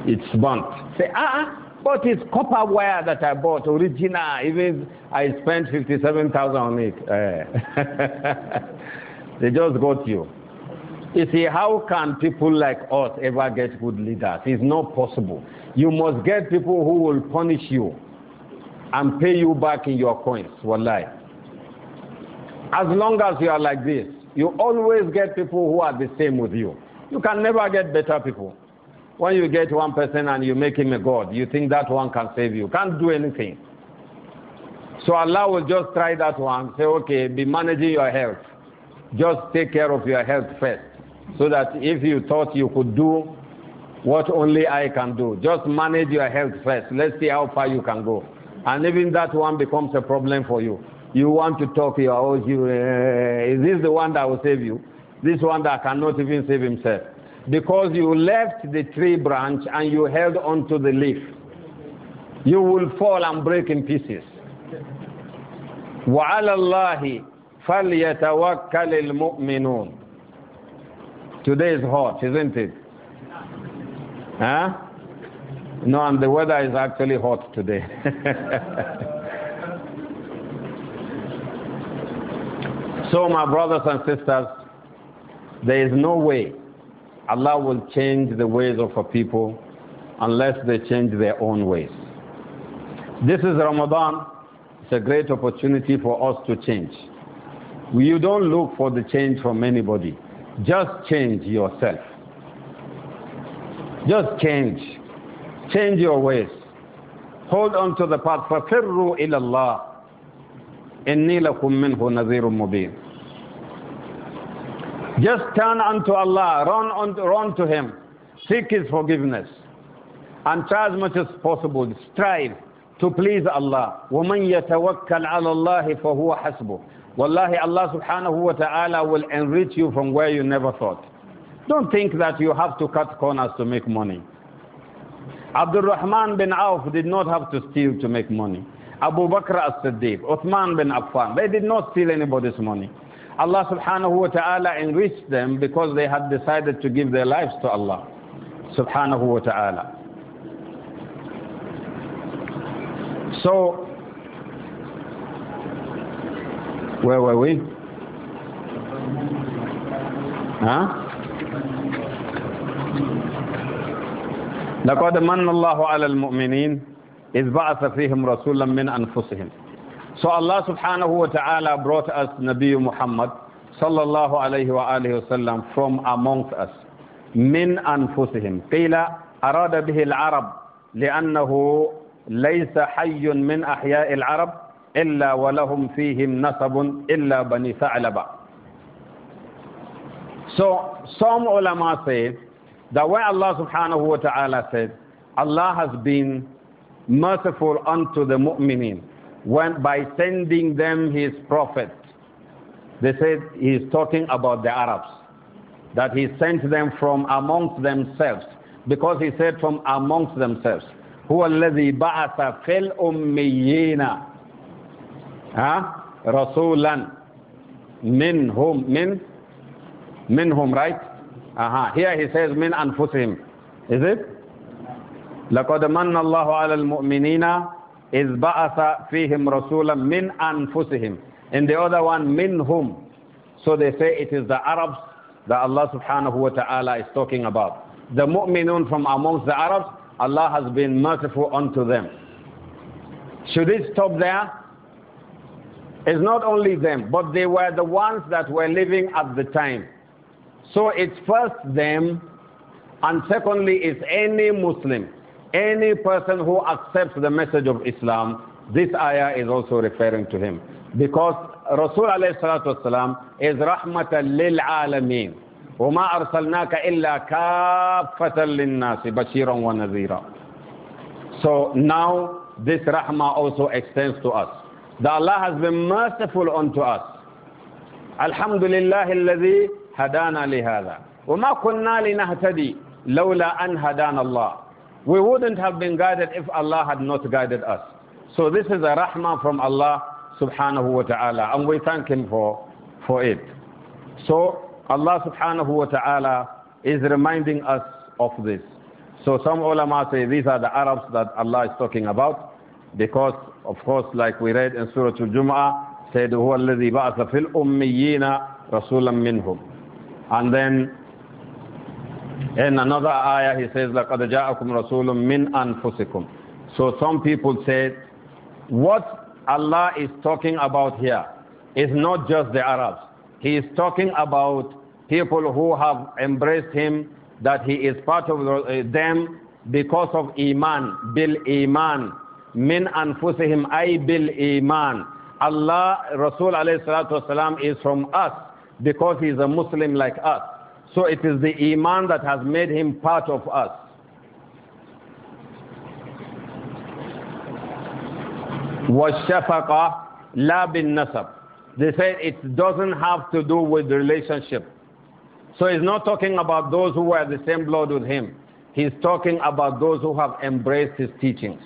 it's burnt. Say, ah, uh-uh, but it's copper wire that I bought, original. Even I spent 57000 on it. Uh, they just got you. You see, how can people like us ever get good leaders? It's not possible. You must get people who will punish you and pay you back in your coins, life. As long as you are like this, you always get people who are the same with you. You can never get better people. When you get one person and you make him a god, you think that one can save you. Can't do anything. So Allah will just try that one. Say, okay, be managing your health. Just take care of your health first. So that if you thought you could do what only I can do, just manage your health first. Let's see how far you can go. And even that one becomes a problem for you. You want to talk, you are always, you, uh, is this the one that will save you? This one that cannot even save himself. Because you left the tree branch and you held onto the leaf. You will fall and break in pieces. وعلى الله فليتوكل Today is hot, isn't it? Huh? No, and the weather is actually hot today. So, my brothers and sisters, there is no way Allah will change the ways of a people unless they change their own ways. This is Ramadan. It's a great opportunity for us to change. You don't look for the change from anybody. Just change yourself. Just change. Change your ways. Hold on to the path. فَفِرُّوا إِلَى اللَّهِ إِنِّي لَكُمْ مِنْهُ نَذِيرٌ مُبِينٌ Just turn unto Allah, run, on, run to Him, seek His forgiveness, and try as much as possible, strive to please Allah. وَمَنْ يَتَوَكَّلْ عَلَى اللَّهِ فَهُوَ حَسْبُهُ Wallahi, Allah subhanahu wa ta'ala will enrich you from where you never thought. Don't think that you have to cut corners to make money. Abdul Rahman bin Auf did not have to steal to make money. Abu Bakr as-Siddiq, Uthman bin Affan. They did not steal anybody's money. Allah subhanahu wa ta'ala enriched them because they had decided to give their lives to Allah subhanahu wa ta'ala. So, where were we? Huh? لقد من الله على المؤمنين إذ بعث فيهم رسولا من أنفسهم So Allah subhanahu wa ta'ala brought us Nabi Muhammad sallallahu alayhi wa alayhi wa sallam from amongst us من أنفسهم قيل أراد به العرب لأنه ليس حي من أحياء العرب إلا ولهم فيهم نسب إلا بني ثعلبة So some ulama say that when Allah subhanahu wa ta'ala said Allah has been merciful unto the mu'mineen when, by sending them his prophet. They said he is talking about the Arabs, that he sent them from amongst themselves, because he said from amongst themselves. هو الذي بعث في الأميين ها رسولا منهم من منهم right uh -huh. here he says من أنفسهم is it لقد من الله على المؤمنين إذ بعث فيهم رسولا من أنفسهم and the other one minhum so they say it is the Arabs that Allah subhanahu wa ta'ala is talking about the mu'minun from amongst the Arabs Allah has been merciful unto them should it stop there it's not only them but they were the ones that were living at the time so it's first them and secondly it's any Muslim any person who accepts the message of Islam, this ayah is also referring to him. Because Rasul alayhi salatu wasalam is rahmatan lil alameen. وما أرسلناك إلا كافة للناس بشيرا ونذيرا So now this rahmah also extends to us. That Allah has been merciful unto us. الحمد لله الذي هدانا لهذا وما كنا لنهتدي لولا أن هدانا الله we wouldn't have been guided if Allah had not guided us. So this is a rahmah from Allah subhanahu wa ta'ala and we thank Him for, for it. So Allah subhanahu wa ta'ala is reminding us of this. So some ulama say these are the Arabs that Allah is talking about because of course like we read in Surah Al-Jum'ah said هو الذي بعث في الأميين رسولا منهم and then in another ayah, he says, لَقَدْ جَاءَكُمْ رَسُولٌ مِّنْ أَنفُسِكُمْ So some people say, what Allah is talking about here is not just the Arabs. He is talking about people who have embraced him, that he is part of uh, them because of Iman, Bil Iman, Min Anfusihim, I Bil Iman. Allah, Rasul alayhi salatu is from us because he is a Muslim like us. So it is the Iman that has made him part of us. وَالشَّفَقَةِ لَا nasab? They said it doesn't have to do with relationship. So he's not talking about those who were the same blood with him. He's talking about those who have embraced his teachings.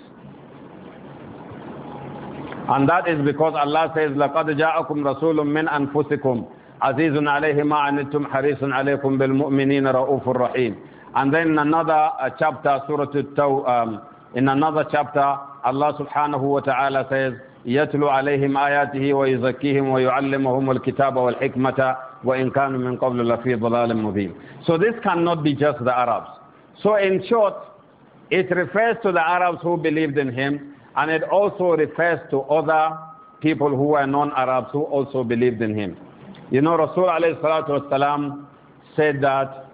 And that is because Allah says, لَقَدْ جَاءَكُمْ رَسُولٌ مِّنْ أَنفُسِكُمْ عزيز عليه ما عنتم حريص عليكم بالمؤمنين رؤوف رحيم and then another uh, chapter surah التو, um, in another chapter Allah subhanahu wa ta'ala says يتلو عليهم آياته ويزكيهم ويعلمهم الكتاب والحكمة وإن كانوا من قبل لفي ضلال مبين so this cannot be just the Arabs so in short it refers to the Arabs who believed in him and it also refers to other people who were non-Arabs who also believed in him you know, Rasul والسلام, said that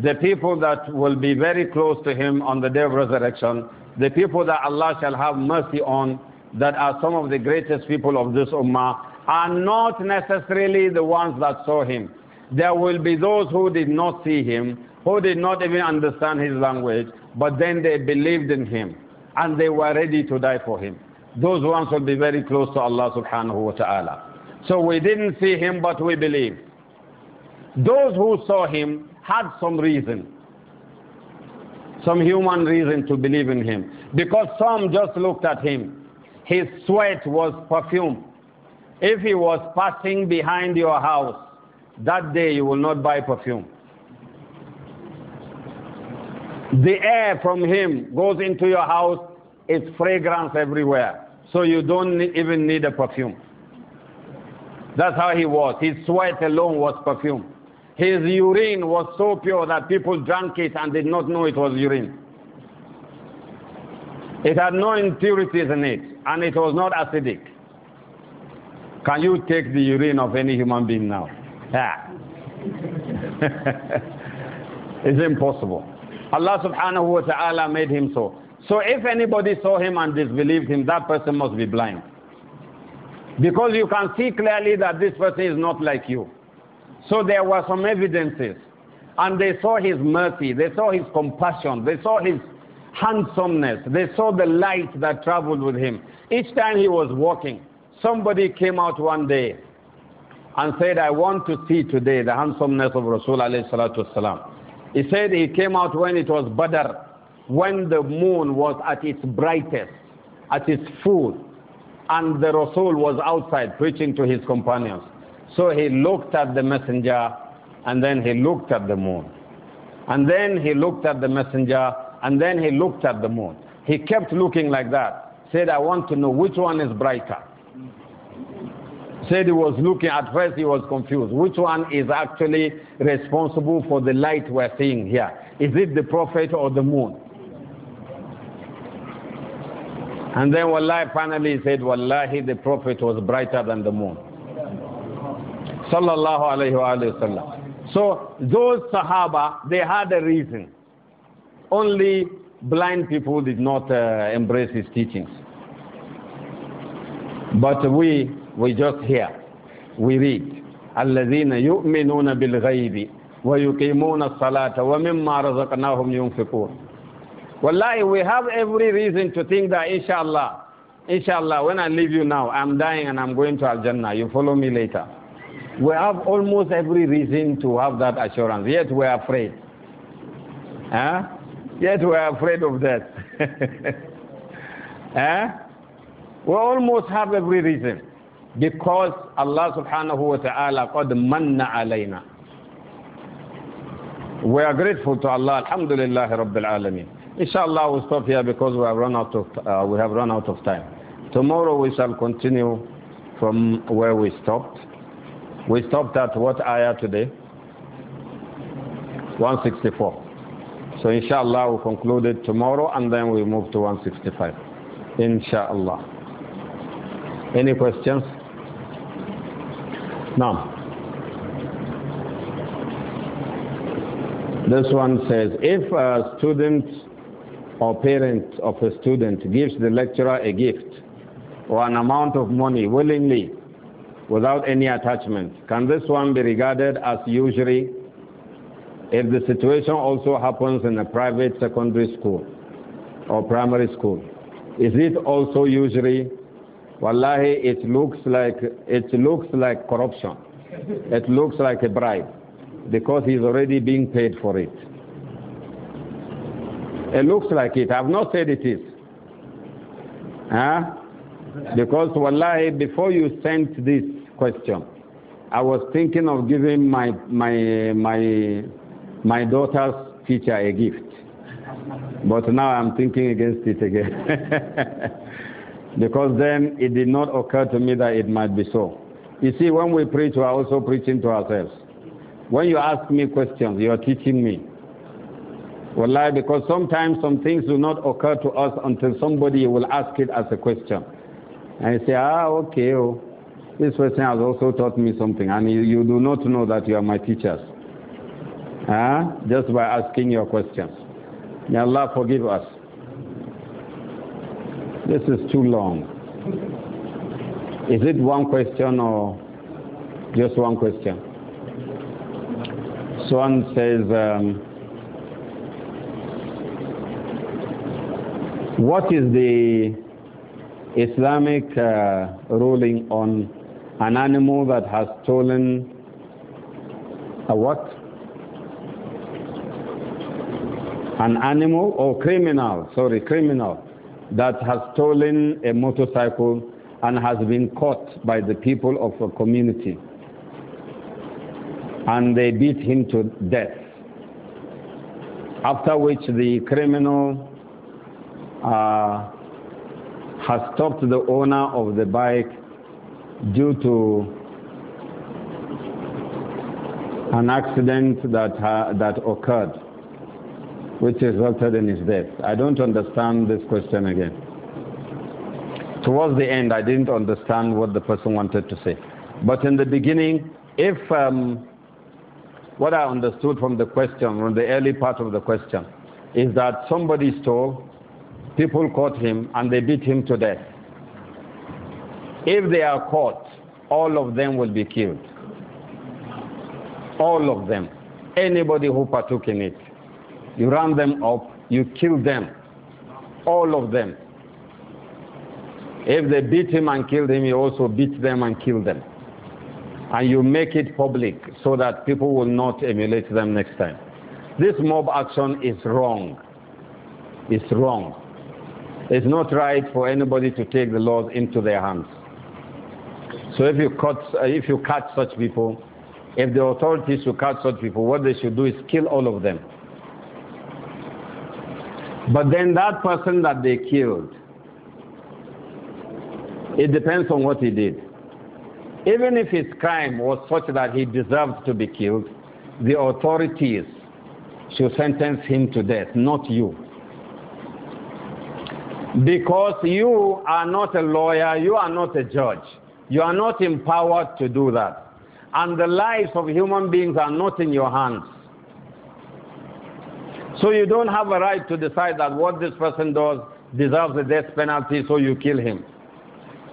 the people that will be very close to him on the day of resurrection, the people that Allah shall have mercy on, that are some of the greatest people of this ummah, are not necessarily the ones that saw him. There will be those who did not see him, who did not even understand his language, but then they believed in him and they were ready to die for him. Those ones will be very close to Allah subhanahu wa ta'ala. So we didn't see him, but we believed. Those who saw him had some reason, some human reason to believe in him. Because some just looked at him. His sweat was perfume. If he was passing behind your house, that day you will not buy perfume. The air from him goes into your house, it's fragrance everywhere. So you don't even need a perfume. That's how he was. His sweat alone was perfume. His urine was so pure that people drank it and did not know it was urine. It had no impurities in it, and it was not acidic. Can you take the urine of any human being now? Yeah. it's impossible. Allah subhanahu wa ta'ala made him so. So if anybody saw him and disbelieved him, that person must be blind. Because you can see clearly that this person is not like you. So there were some evidences. And they saw his mercy, they saw his compassion, they saw his handsomeness, they saw the light that traveled with him. Each time he was walking, somebody came out one day and said, I want to see today the handsomeness of Rasul alayhi He said he came out when it was Badr, when the moon was at its brightest, at its full and the Rasul was outside preaching to his companions. So he looked at the messenger and then he looked at the moon. And then he looked at the messenger and then he looked at the moon. He kept looking like that. Said, I want to know which one is brighter. Said he was looking, at first he was confused. Which one is actually responsible for the light we're seeing here? Is it the prophet or the moon? And then Wallahi finally said, Wallahi the Prophet was brighter than the moon. Sallallahu So those Sahaba, they had a reason. Only blind people did not uh, embrace his teachings. But we, we just hear, we read. الذين يؤمنون بالغيب ويقيمون الصلاة ومما رزقناهم ينفقون Wallahi, we have every reason to think that inshallah, inshallah, when I leave you now, I'm dying and I'm going to Al-Jannah. You follow me later. We have almost every reason to have that assurance, yet we are afraid. Huh? Yet we are afraid of death. huh? We almost have every reason because Allah subhanahu wa ta'ala qad manna alayna. We are grateful to Allah, alhamdulillah rabbil alameen. Inshallah, we'll stop here because we have run out of, uh, we have run out of time. Tomorrow we shall continue from where we stopped. We stopped at what ayah today? 164. So inshallah we'll conclude it tomorrow and then we move to 165. Inshallah. Any questions? no this one says, if a student or parent of a student gives the lecturer a gift or an amount of money willingly without any attachment, can this one be regarded as usury if the situation also happens in a private secondary school or primary school? Is it also usury? Wallahi, it looks like it looks like corruption. It looks like a bribe because he's already being paid for it. It looks like it. I've not said it is. Huh? Because wallahi, before you sent this question, I was thinking of giving my my my my daughter's teacher a gift. But now I'm thinking against it again. because then it did not occur to me that it might be so. You see, when we preach, we are also preaching to ourselves. When you ask me questions, you are teaching me. Wallahi, because sometimes some things do not occur to us until somebody will ask it as a question. And you say, ah, okay, oh, this person has also taught me something. And you, you do not know that you are my teachers. Huh? Just by asking your questions. May Allah forgive us. This is too long. Is it one question or just one question? Swan says, um, What is the Islamic uh, ruling on an animal that has stolen a what? An animal or criminal, sorry, criminal that has stolen a motorcycle and has been caught by the people of a community and they beat him to death. After which the criminal uh, has stopped the owner of the bike due to an accident that, uh, that occurred, which resulted in his death. I don't understand this question again. Towards the end, I didn't understand what the person wanted to say. But in the beginning, if um, what I understood from the question, from the early part of the question, is that somebody stole people caught him and they beat him to death. If they are caught, all of them will be killed. All of them. Anybody who partook in it. You run them up, you kill them. All of them. If they beat him and killed him, you also beat them and kill them. And you make it public so that people will not emulate them next time. This mob action is wrong. It's wrong. It's not right for anybody to take the law into their hands. So if you cut, uh, if you catch such people, if the authorities should catch such people, what they should do is kill all of them. But then that person that they killed, it depends on what he did. Even if his crime was such that he deserved to be killed, the authorities should sentence him to death, not you. Because you are not a lawyer, you are not a judge. You are not empowered to do that. And the lives of human beings are not in your hands. So you don't have a right to decide that what this person does deserves the death penalty, so you kill him.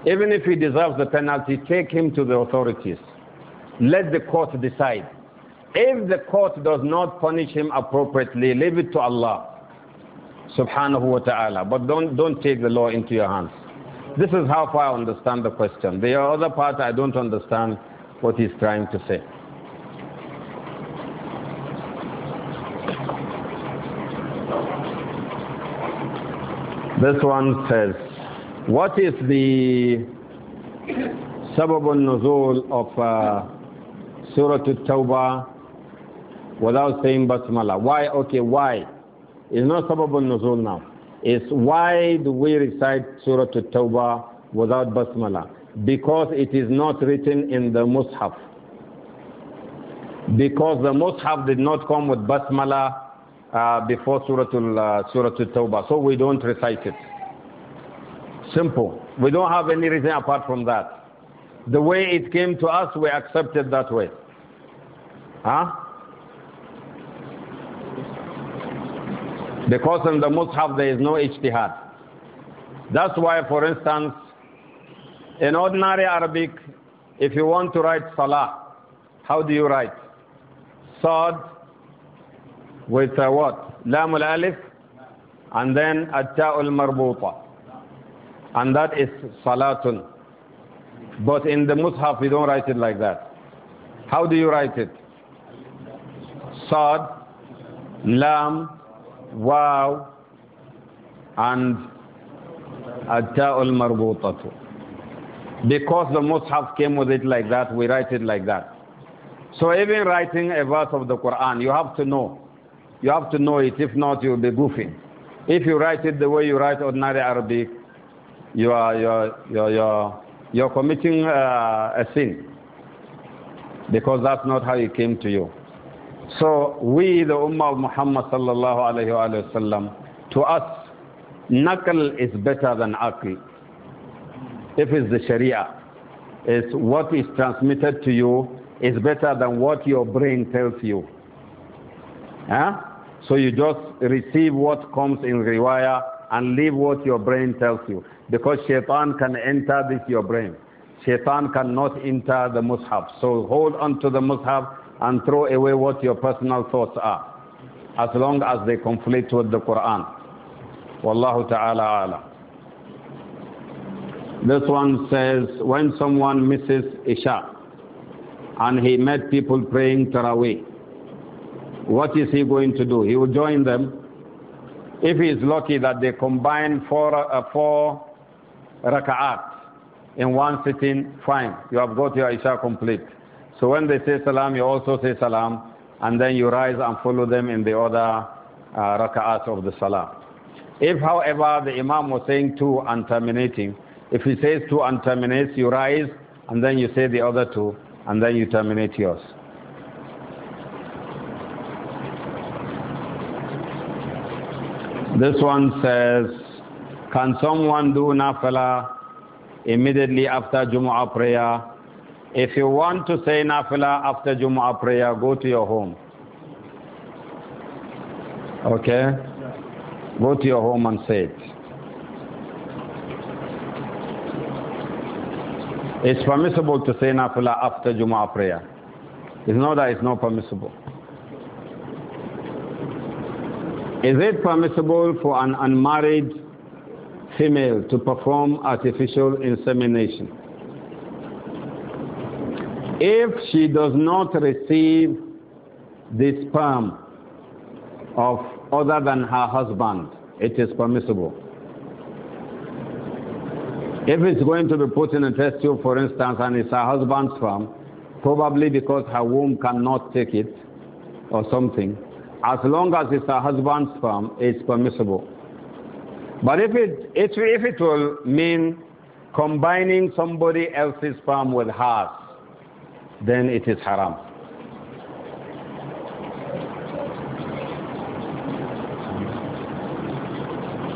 Even if he deserves the penalty, take him to the authorities. Let the court decide. If the court does not punish him appropriately, leave it to Allah subhanahu wa ta'ala. But don't, don't take the law into your hands. This is how far I understand the question. The other part, I don't understand what he's trying to say. This one says, what is the sabab al-nuzul of uh, Surah At-Tawbah without saying basmala? Why? Okay, why? It's not al nuzul now. It's why do we recite Surah al tawbah without basmala? Because it is not written in the Mus'haf. Because the Mus'haf did not come with basmala uh, before Surah al uh, At-Tawbah. So we don't recite it. Simple. We don't have any reason apart from that. The way it came to us, we accept it that way. Huh? Because in the Mus'haf there is no ijtihad. That's why, for instance, in ordinary Arabic, if you want to write Salah, how do you write? Sad with uh, what? Lam al-alif and then al marbuta. And that is Salatun. But in the Mus'haf, we don't write it like that. How do you write it? Sad, Lam, واو and التاء المربوطة because the Mus'haf came with it like that we write it like that so even writing a verse of the Quran you have to know you have to know it if not you'll be goofing if you write it the way you write ordinary Arabic you are you are, you are, you are, you are committing uh, a sin because that's not how it came to you so we, the Ummah of Muhammad sallallahu alayhi wa sallam, to us, Nakal is better than Aql. If it's the Sharia, is what is transmitted to you is better than what your brain tells you. Huh? So you just receive what comes in riwayah and leave what your brain tells you. Because shaitan can enter this your brain. Shaitan cannot enter the mushab. So hold on to the mushab and throw away what your personal thoughts are, as long as they conflict with the Quran. Wallahu ta'ala alam. This one says, when someone misses Isha and he met people praying Taraweeh, what is he going to do? He will join them. If he is lucky that they combine four, uh, four raka'at in one sitting, fine, you have got your Isha complete. So when they say salam, you also say salam, and then you rise and follow them in the other uh, raka'at of the salah. If, however, the imam was saying two and terminating, if he says two and terminates, you rise, and then you say the other two, and then you terminate yours. This one says, can someone do nafala immediately after Jumu'ah prayer if you want to say nafila after Jumu'ah prayer, go to your home. Okay? Go to your home and say it. It's permissible to say nafila after Jumu'ah prayer. It's not that it's not permissible. Is it permissible for an unmarried female to perform artificial insemination? If she does not receive the sperm of other than her husband, it is permissible. If it's going to be put in a test tube, for instance, and it's her husband's sperm, probably because her womb cannot take it or something, as long as it's her husband's sperm, it's permissible. But if it, if, if it will mean combining somebody else's sperm with hers, then it is haram.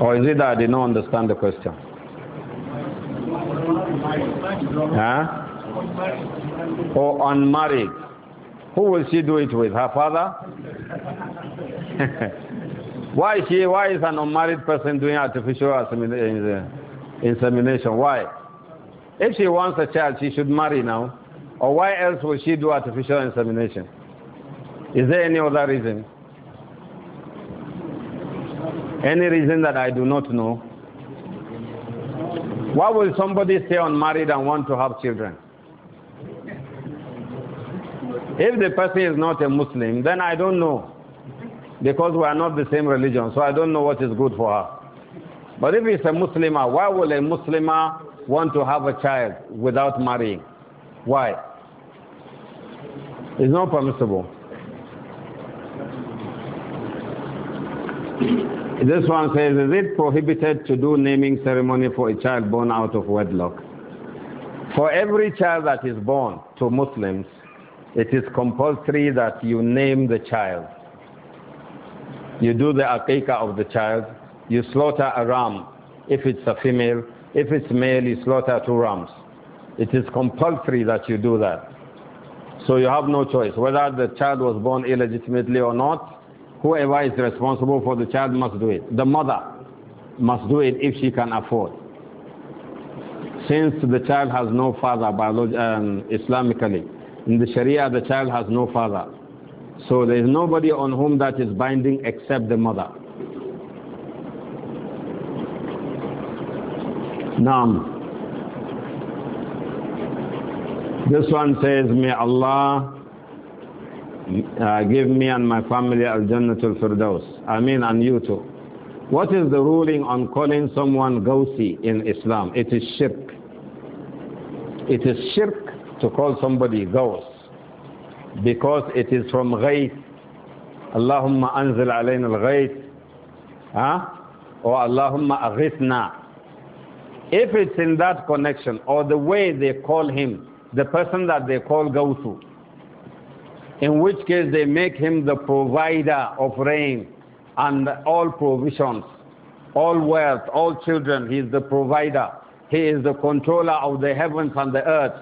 Or is it that I did not understand the question? Huh? Or unmarried. Who will she do it with? Her father? why she? Why is an unmarried person doing artificial insemination? Why? If she wants a child, she should marry now. Or why else would she do artificial insemination? Is there any other reason? Any reason that I do not know? Why will somebody stay unmarried and want to have children? If the person is not a Muslim, then I don't know. Because we are not the same religion, so I don't know what is good for her. But if it's a Muslimah, why will a Muslimah want to have a child without marrying? Why? is not permissible. This one says, is it prohibited to do naming ceremony for a child born out of wedlock? For every child that is born to Muslims, it is compulsory that you name the child. You do the aqiqah of the child. You slaughter a ram if it's a female. If it's male, you slaughter two rams. It is compulsory that you do that. So you have no choice. Whether the child was born illegitimately or not, whoever is responsible for the child must do it. The mother must do it if she can afford. Since the child has no father um, Islamically, in the Sharia the child has no father. So there is nobody on whom that is binding except the mother. Naam. This one says, May Allah uh, give me and my family Al Jannatul Firdaus. I mean, and you too. What is the ruling on calling someone Gawsi in Islam? It is shirk. It is shirk to call somebody Gaus because it is from Ghayth. Allahumma anzil alayna al Ghayth. Huh? Or Allahumma aghithna. If it's in that connection or the way they call him, the person that they call Gausu, in which case they make him the provider of rain and all provisions, all wealth, all children. He is the provider. He is the controller of the heavens and the earth.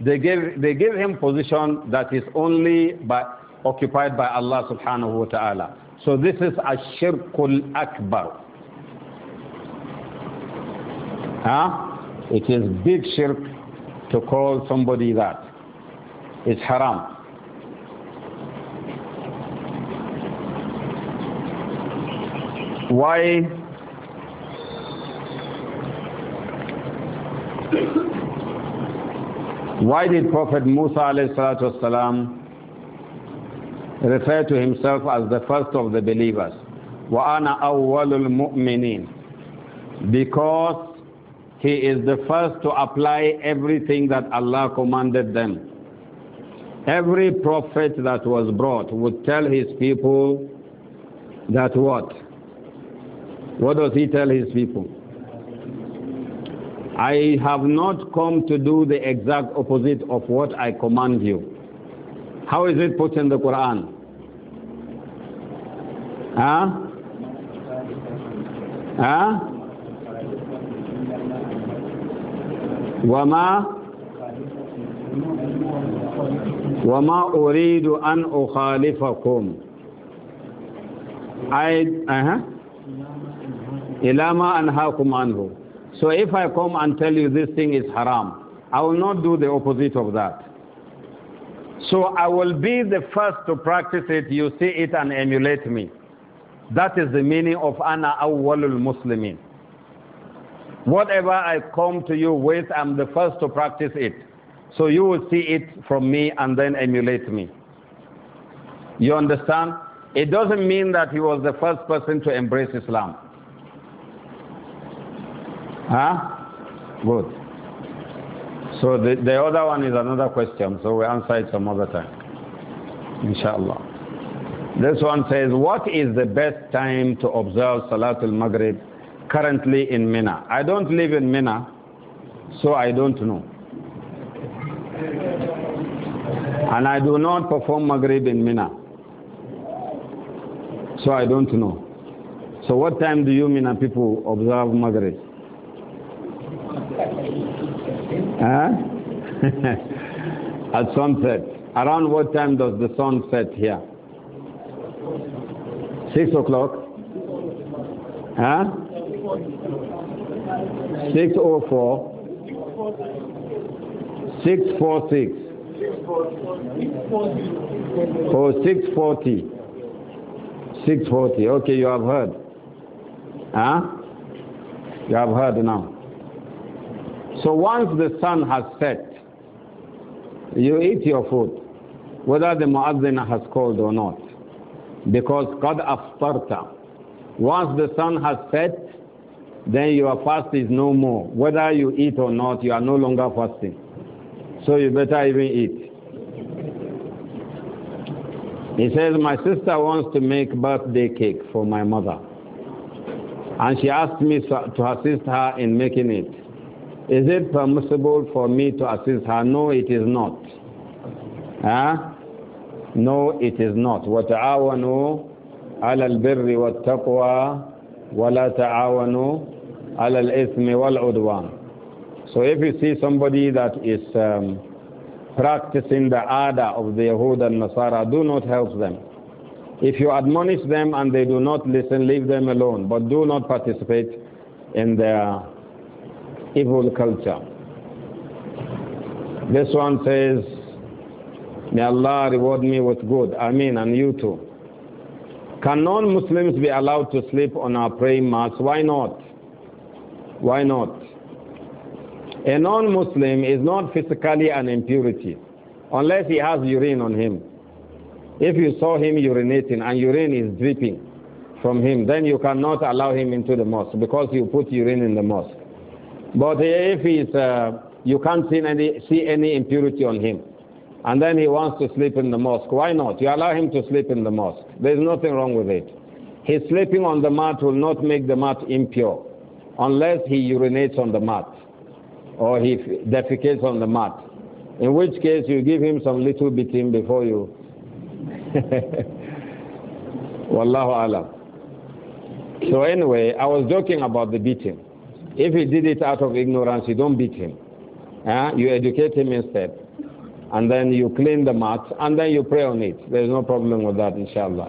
They give, they give him position that is only by, occupied by Allah subhanahu wa ta'ala. So this is ash-shirkul akbar. Huh? It is big shirk to call somebody that. It's haram. Why? Why did Prophet Musa والسلام, refer to himself as the first of the believers? وَأَنَا أَوَّلُ الْمُؤْمِنِينَ Because he is the first to apply everything that Allah commanded them. Every prophet that was brought would tell his people that what? What does he tell his people? I have not come to do the exact opposite of what I command you. How is it put in the Quran? Huh? Huh? وما وما أريد أن أخالفكم I, uh-huh. Ilama So if I come and tell you this thing is haram, I will not do the opposite of that. So I will be the first to practice it, you see it and emulate me. That is the meaning of ana awwalul muslimin. Whatever I come to you with, I'm the first to practice it. So you will see it from me and then emulate me. You understand? It doesn't mean that he was the first person to embrace Islam. Huh? Good. So the, the other one is another question, so we answer it some other time. Inshallah. This one says, What is the best time to observe Salatul Maghrib currently in Mina. I don't live in Mina, so I don't know. And I do not perform Maghrib in Mina, so I don't know. So what time do you Mina people observe Maghrib? Huh? At sunset. Around what time does the sun set here? Six o'clock? Huh? 604 646 or 640 640 okay you have heard huh you have heard now so once the sun has set you eat your food whether the muazzin has called or not because God aftarta once the sun has set then your fast is no more. Whether you eat or not, you are no longer fasting. So you better even eat. He says, My sister wants to make birthday cake for my mother. And she asked me to assist her in making it. Is it permissible for me to assist her? No, it is not. Huh? No, it is not. وَتَعَاوَنُوا عَلَى الْبِرِّ وَالتَّقْوَى وَلَا تَعَاوَنُوا ala al wal-udwan. So if you see somebody that is um, practicing the ada of the Yahud and Nasara, do not help them. If you admonish them and they do not listen, leave them alone, but do not participate in their evil culture. This one says, May Allah reward me with good. Ameen, and you too. Can non Muslims be allowed to sleep on our praying mats? Why not? Why not? A non Muslim is not physically an impurity unless he has urine on him. If you saw him urinating and urine is dripping from him, then you cannot allow him into the mosque because you put urine in the mosque. But if he's, uh, you can't see any, see any impurity on him, and then he wants to sleep in the mosque, why not? You allow him to sleep in the mosque. There's nothing wrong with it. His sleeping on the mat will not make the mat impure unless he urinates on the mat or he defecates on the mat. In which case, you give him some little beating before you. Wallahu alam. So, anyway, I was joking about the beating. If he did it out of ignorance, you don't beat him. Eh? You educate him instead. And then you clean the mat and then you pray on it. There's no problem with that, inshallah.